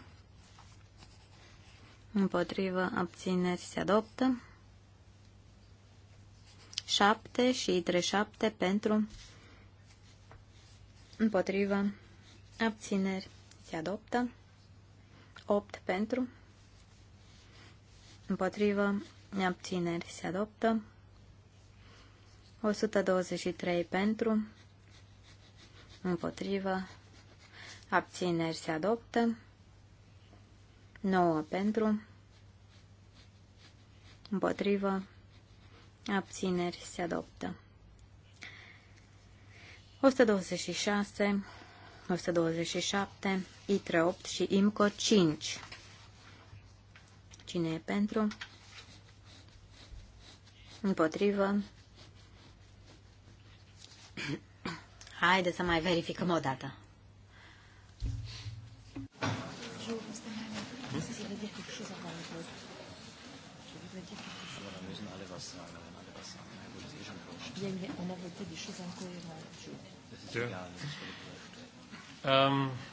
împotrivă, abțineri, se adoptă. 7 și 37 pentru, împotrivă, abțineri, se adoptă. 8 pentru, împotrivă, neabțineri se adoptă. 123 pentru, împotrivă, abțineri se adoptă. 9 pentru, împotrivă, abțineri se adoptă. 126, 127, ITRE 8 și IMCO 5 Cine e pentru? Împotrivă. Haide să mai verificăm o dată.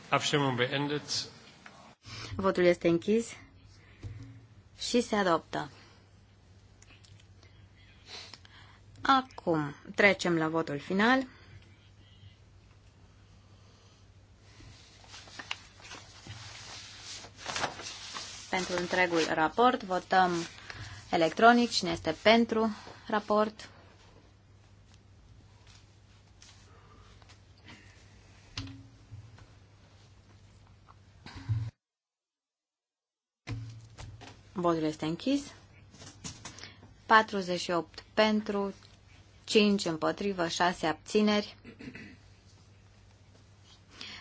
Abstimmung beendet. Votul este închis și se adoptă. Acum trecem la votul final. Pentru întregul raport votăm electronic cine este pentru raport. Votul este închis. 48 pentru, 5 împotrivă, 6 abțineri.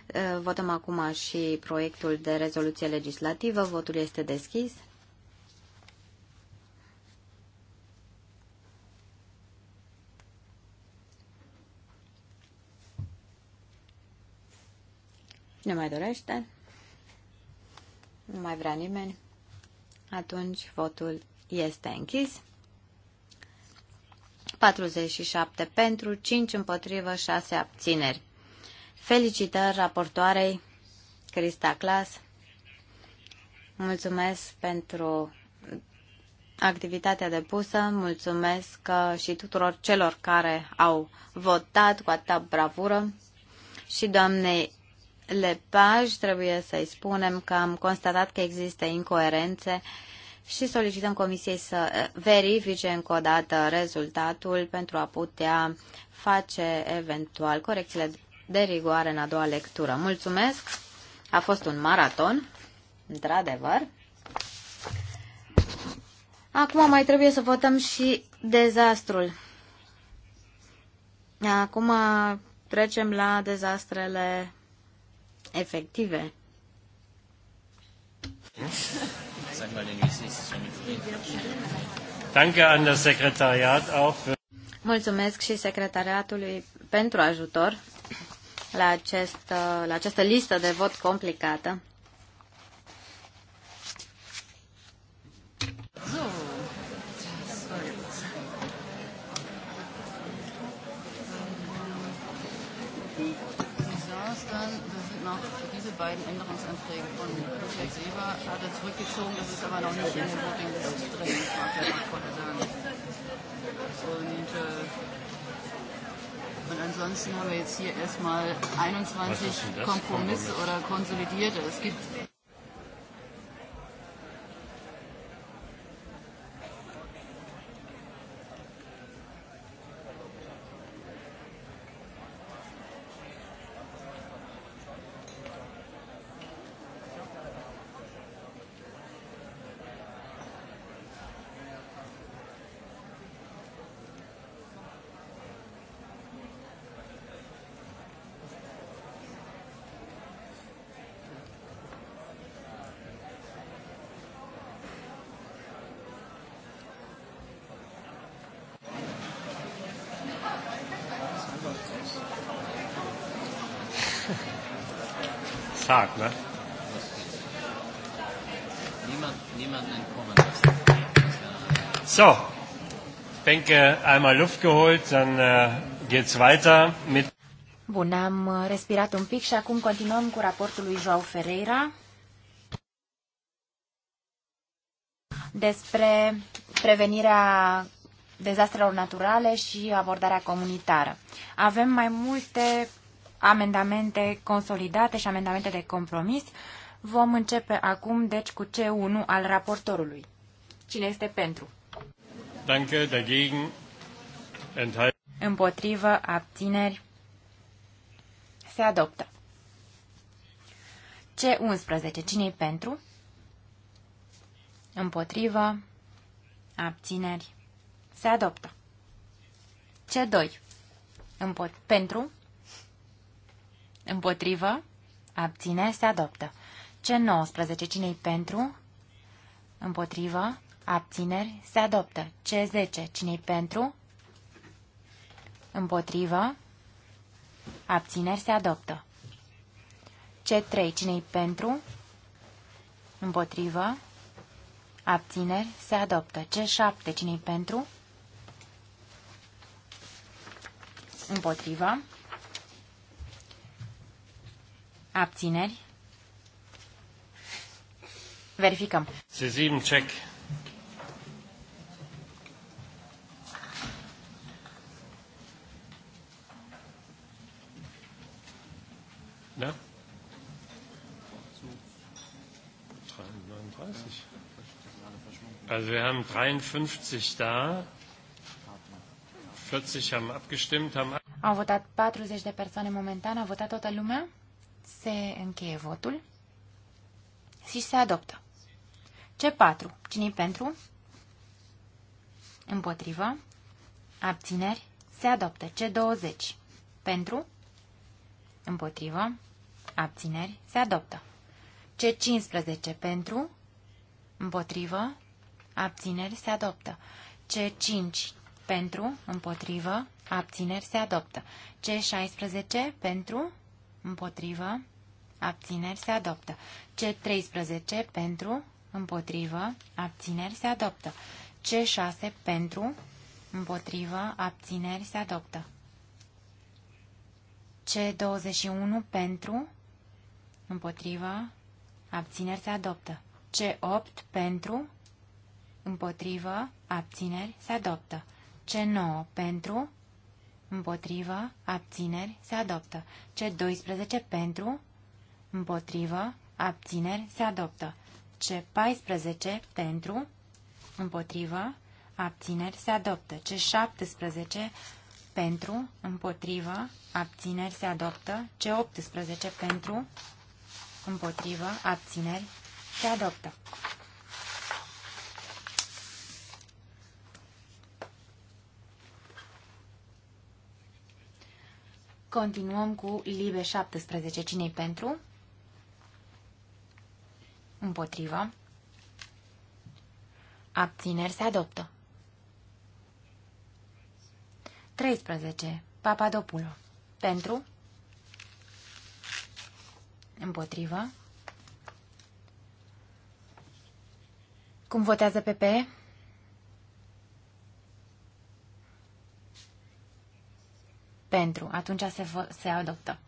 Eh, votăm acum și proiectul de rezoluție legislativă. Votul este deschis. Nu mai dorește? Nu mai vrea nimeni. Atunci votul este închis. 47 pentru, 5 împotrivă, 6 abțineri. Felicitări raportoarei Crista Clas. Mulțumesc pentru activitatea depusă, mulțumesc uh, și tuturor celor care au votat cu atâta bravură și doamnei Lepaj, trebuie să-i spunem că am constatat că există incoerențe și solicităm Comisiei să eh, verifice încă o dată rezultatul pentru a putea face eventual corecțiile de rigoare în a doua lectură. Mulțumesc! A fost un maraton, într-adevăr. Acum mai trebuie să votăm și dezastrul. Acum trecem la dezastrele efective. Mulțumesc și secretariatului pentru ajutor la, acest, la această listă de vot complicată. beiden Änderungsanträge von Herrn Seber hat er zurückgezogen. Das ist aber noch nicht in der Voting List drin, das mag er noch vorher sagen. Und, äh, und ansonsten haben wir jetzt hier erstmal 21 Kompromisse oder konsolidierte. Es gibt Tag, ne? So, denke, einmal Luft geholt, dann äh, geht's weiter mit. Bun, am äh, respirat un pic și acum continuăm cu raportul lui João Ferreira despre prevenirea dezastrelor naturale și abordarea comunitară. Avem mai multe amendamente consolidate și amendamente de compromis. Vom începe acum, deci, cu C1 al raportorului. Cine este pentru? Danke, dagegen, enthal- Împotrivă, abțineri. Se adoptă. C11. Cine-i pentru? Împotrivă, abțineri. Se adoptă. C2. Împot- pentru, Împotrivă. Abține, se adoptă. C19. Cine-i pentru? Împotrivă. Abțineri se adoptă. C10. Cine-i pentru? Împotrivă. Abțineri se adoptă. C3. Cine-i pentru? Împotrivă. Abțineri se adoptă. C7. Cine-i pentru? Împotrivă. Abțineri. Verificăm. Sezim, check. Da? Also wir haben 53 da, 40 haben abgestimmt, haben... Au votat 40 de persoane momentan, a votat toată lumea? Se încheie votul și se adoptă. C4. cine pentru? Împotrivă. Abțineri. Se adoptă. C20. Pentru? Împotrivă. Abțineri. Se adoptă. C15. Pentru? Împotrivă. Abțineri. Se adoptă. C5. Pentru? Împotrivă. Abțineri. Se adoptă. C16. Pentru? împotrivă, abțineri se adoptă. C13 pentru, împotrivă, abțineri se adoptă. C6 pentru, împotrivă, abțineri se adoptă. C21 pentru, împotrivă, abțineri se adoptă. C8 pentru, împotrivă, abțineri se adoptă. C9 pentru, împotrivă, abțineri, se adoptă. C12 pentru, împotrivă, abțineri, se adoptă. C14 pentru, împotrivă, abțineri, se adoptă. C17 pentru, împotrivă, abțineri, se adoptă. C18 pentru, împotrivă, abțineri, se adoptă. Continuăm cu Libe 17. Cine-i pentru? Împotrivă. Abțineri se adoptă. 13. Papadopulo. Pentru? Împotrivă. Cum votează PPE? pentru. Atunci se, se adoptă.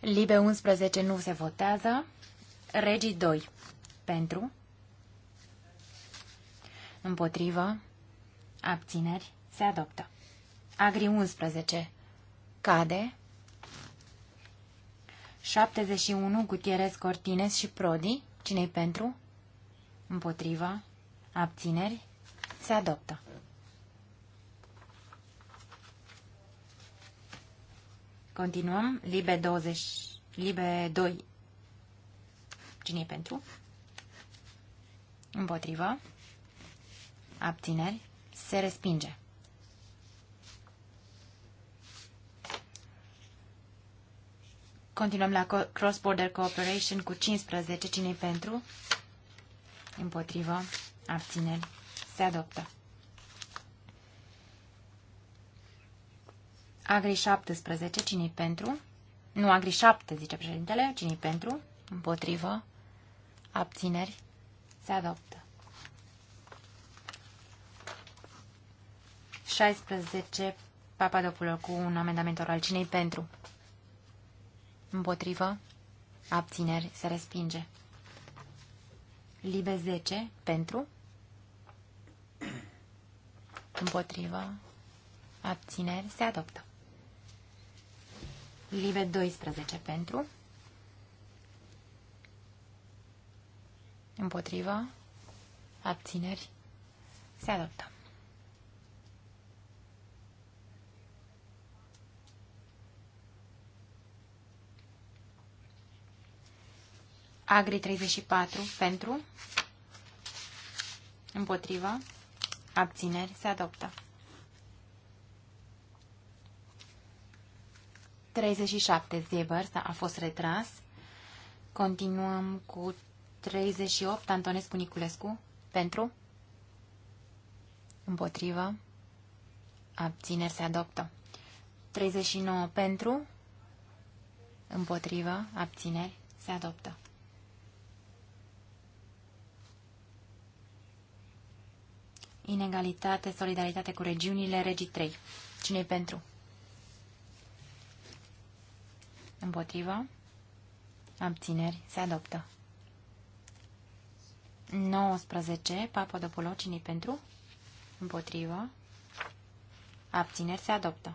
Libe 11 nu se votează. Regii 2 pentru. Împotrivă. Abțineri. Se adoptă. Agri 11 cade. 71 Gutierrez Cortines și Prodi. Cine-i pentru? Împotriva. Abțineri. Se adoptă. Continuăm. Libe 20. Libe 2. cine e pentru? Împotrivă. Abțineri. Se respinge. Continuăm la Cross-Border Cooperation cu 15. cine pentru? Împotrivă. Abțineri. Se adoptă. Agri 17, cine pentru? Nu, Agri 7, zice președintele, cine pentru? Împotrivă. Abțineri. Se adoptă. 16, Papadopoulou cu un amendament oral. cine pentru? Împotrivă. Abțineri. Se respinge. Libe 10, pentru? Împotrivă. Abțineri. Se adoptă. Live 12 pentru. Împotrivă. Abțineri. Se adoptă. Agri 34 pentru. Împotrivă. Abțineri. Se adoptă. 37 Zeber da, a fost retras. Continuăm cu 38 Antonescu Niculescu. Pentru? Împotrivă. Abțineri se adoptă. 39 pentru. Împotrivă. Abțineri se adoptă. Inegalitate, solidaritate cu regiunile, regii 3. cine pentru? Împotrivă. Abțineri. Se adoptă. 19. Papadopulo. pentru? Împotrivă. Abțineri. Se adoptă.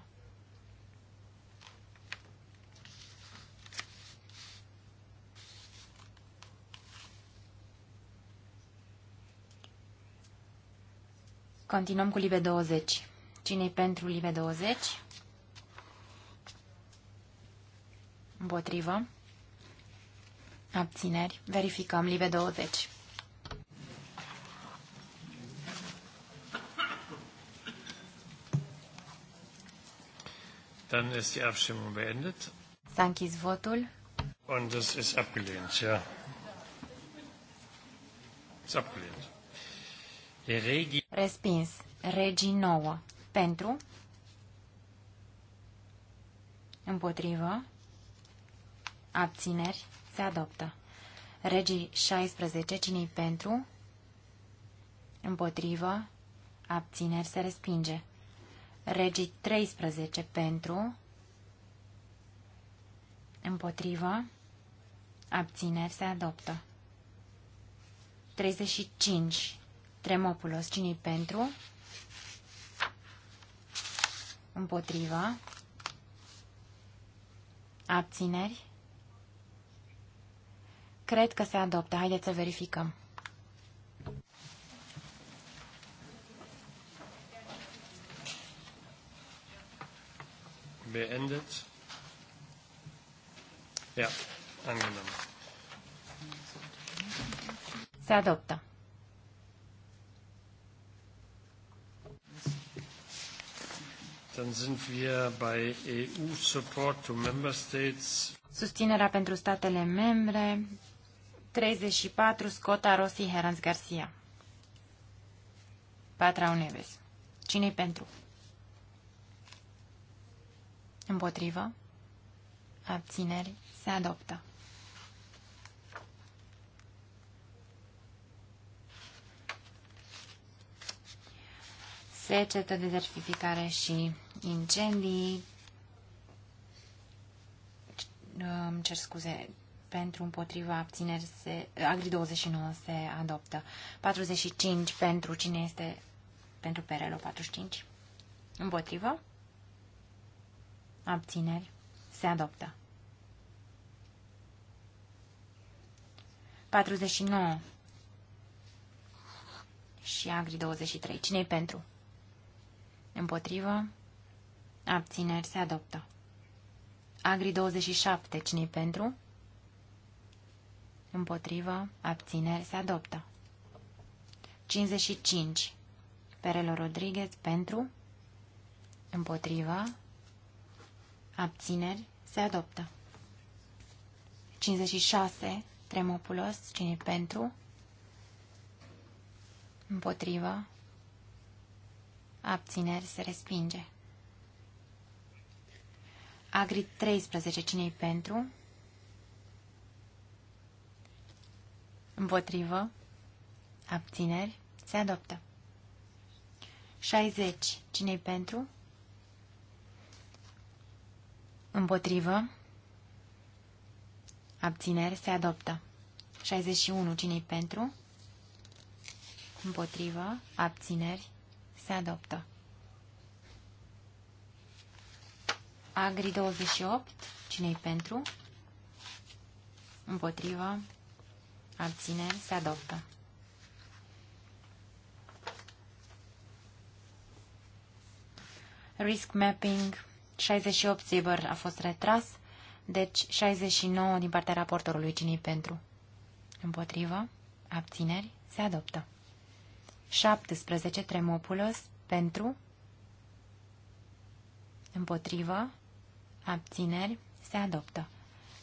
Continuăm cu Libe 20. cine pentru Libe 20? Împotrivă. Abțineri. Verificăm. Live 20. Dann ist die Abstimmung beendet. S-a închis votul. Und es ist abgelehnt, ja. Ist abgelehnt. Regi... Respins. Regii 9. Pentru. Împotrivă. Abțineri. Se adoptă. Regii 16. cine pentru? Împotrivă. Abțineri. Se respinge. Regii 13. Pentru. Împotrivă. Abțineri. Se adoptă. 35. Tremopulos. cine pentru? Împotriva. Abțineri. Cred că se adoptă. Haideți să verificăm. Beendet. Ja, angenommen. Se adoptă. Dann sind wir bei EU Support to Member States. Susținerea pentru statele membre, 34 Scota Rossi Herans Garcia. Patra Neves. Cine-i pentru? Împotrivă. Abțineri. Se adoptă. Secetă, dezertificare și incendii. Îmi cer scuze pentru împotriva abțineri se... Agri 29 se adoptă. 45 pentru cine este pentru Perelo 45. Împotrivă. Abțineri se adoptă. 49 și Agri 23. Cine-i pentru? Împotrivă. Abțineri se adoptă. Agri 27. Cine-i pentru? împotrivă, abțineri, se adoptă. 55. Perelo Rodriguez pentru, împotrivă, abțineri, se adoptă. 56. Tremopulos, cine pentru, împotrivă, abțineri, se respinge. Agri 13, cine pentru, Împotrivă. Abțineri. Se adoptă. 60. cine pentru? Împotrivă. Abțineri. Se adoptă. 61. cine pentru? Împotrivă. Abțineri. Se adoptă. Agri 28. cine pentru? Împotrivă abține, se adoptă. Risk Mapping 68 Zibber a fost retras, deci 69 din partea raportorului cine pentru. Împotrivă, abțineri, se adoptă. 17 Tremopulos pentru, împotrivă, abțineri, se adoptă.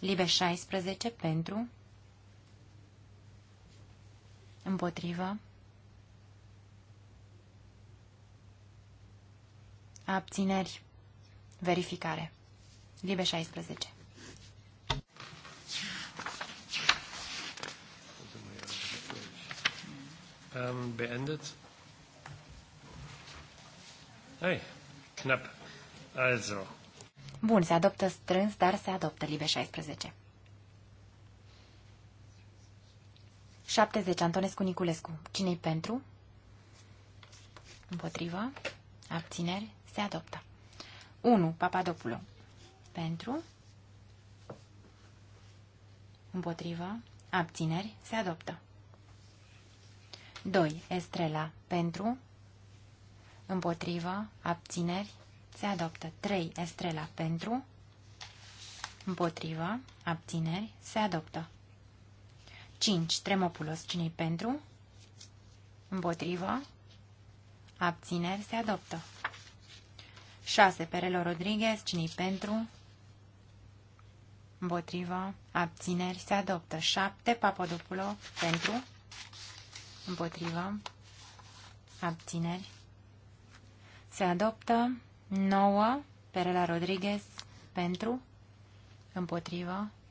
Libe 16 pentru, Împotrivă. Abțineri. Verificare. Libe 16. Um, ähm, beendet. Hey, knapp. Also. Bun, se adoptă strâns, dar se adoptă Libe 16. 70. Antonescu Niculescu. Cine-i pentru? Împotrivă. Abțineri. Se adoptă. 1. Papadopulo. Pentru. Împotrivă. Abțineri. Se adoptă. 2. Estrela. Pentru. Împotrivă. Abțineri. Se adoptă. 3. Estrela. Pentru. Împotrivă. Abțineri. Se adoptă. 5. Tremopulos. Cine-i pentru? Împotrivă. Abțineri. Se adoptă. 6. Perelo Rodriguez. Cine-i pentru? Împotrivă. Abțineri. Se adoptă. 7. Papadopulo. Pentru. Împotrivă. Abțineri. Se adoptă. 9. Perela Rodriguez. Pentru. Împotrivă.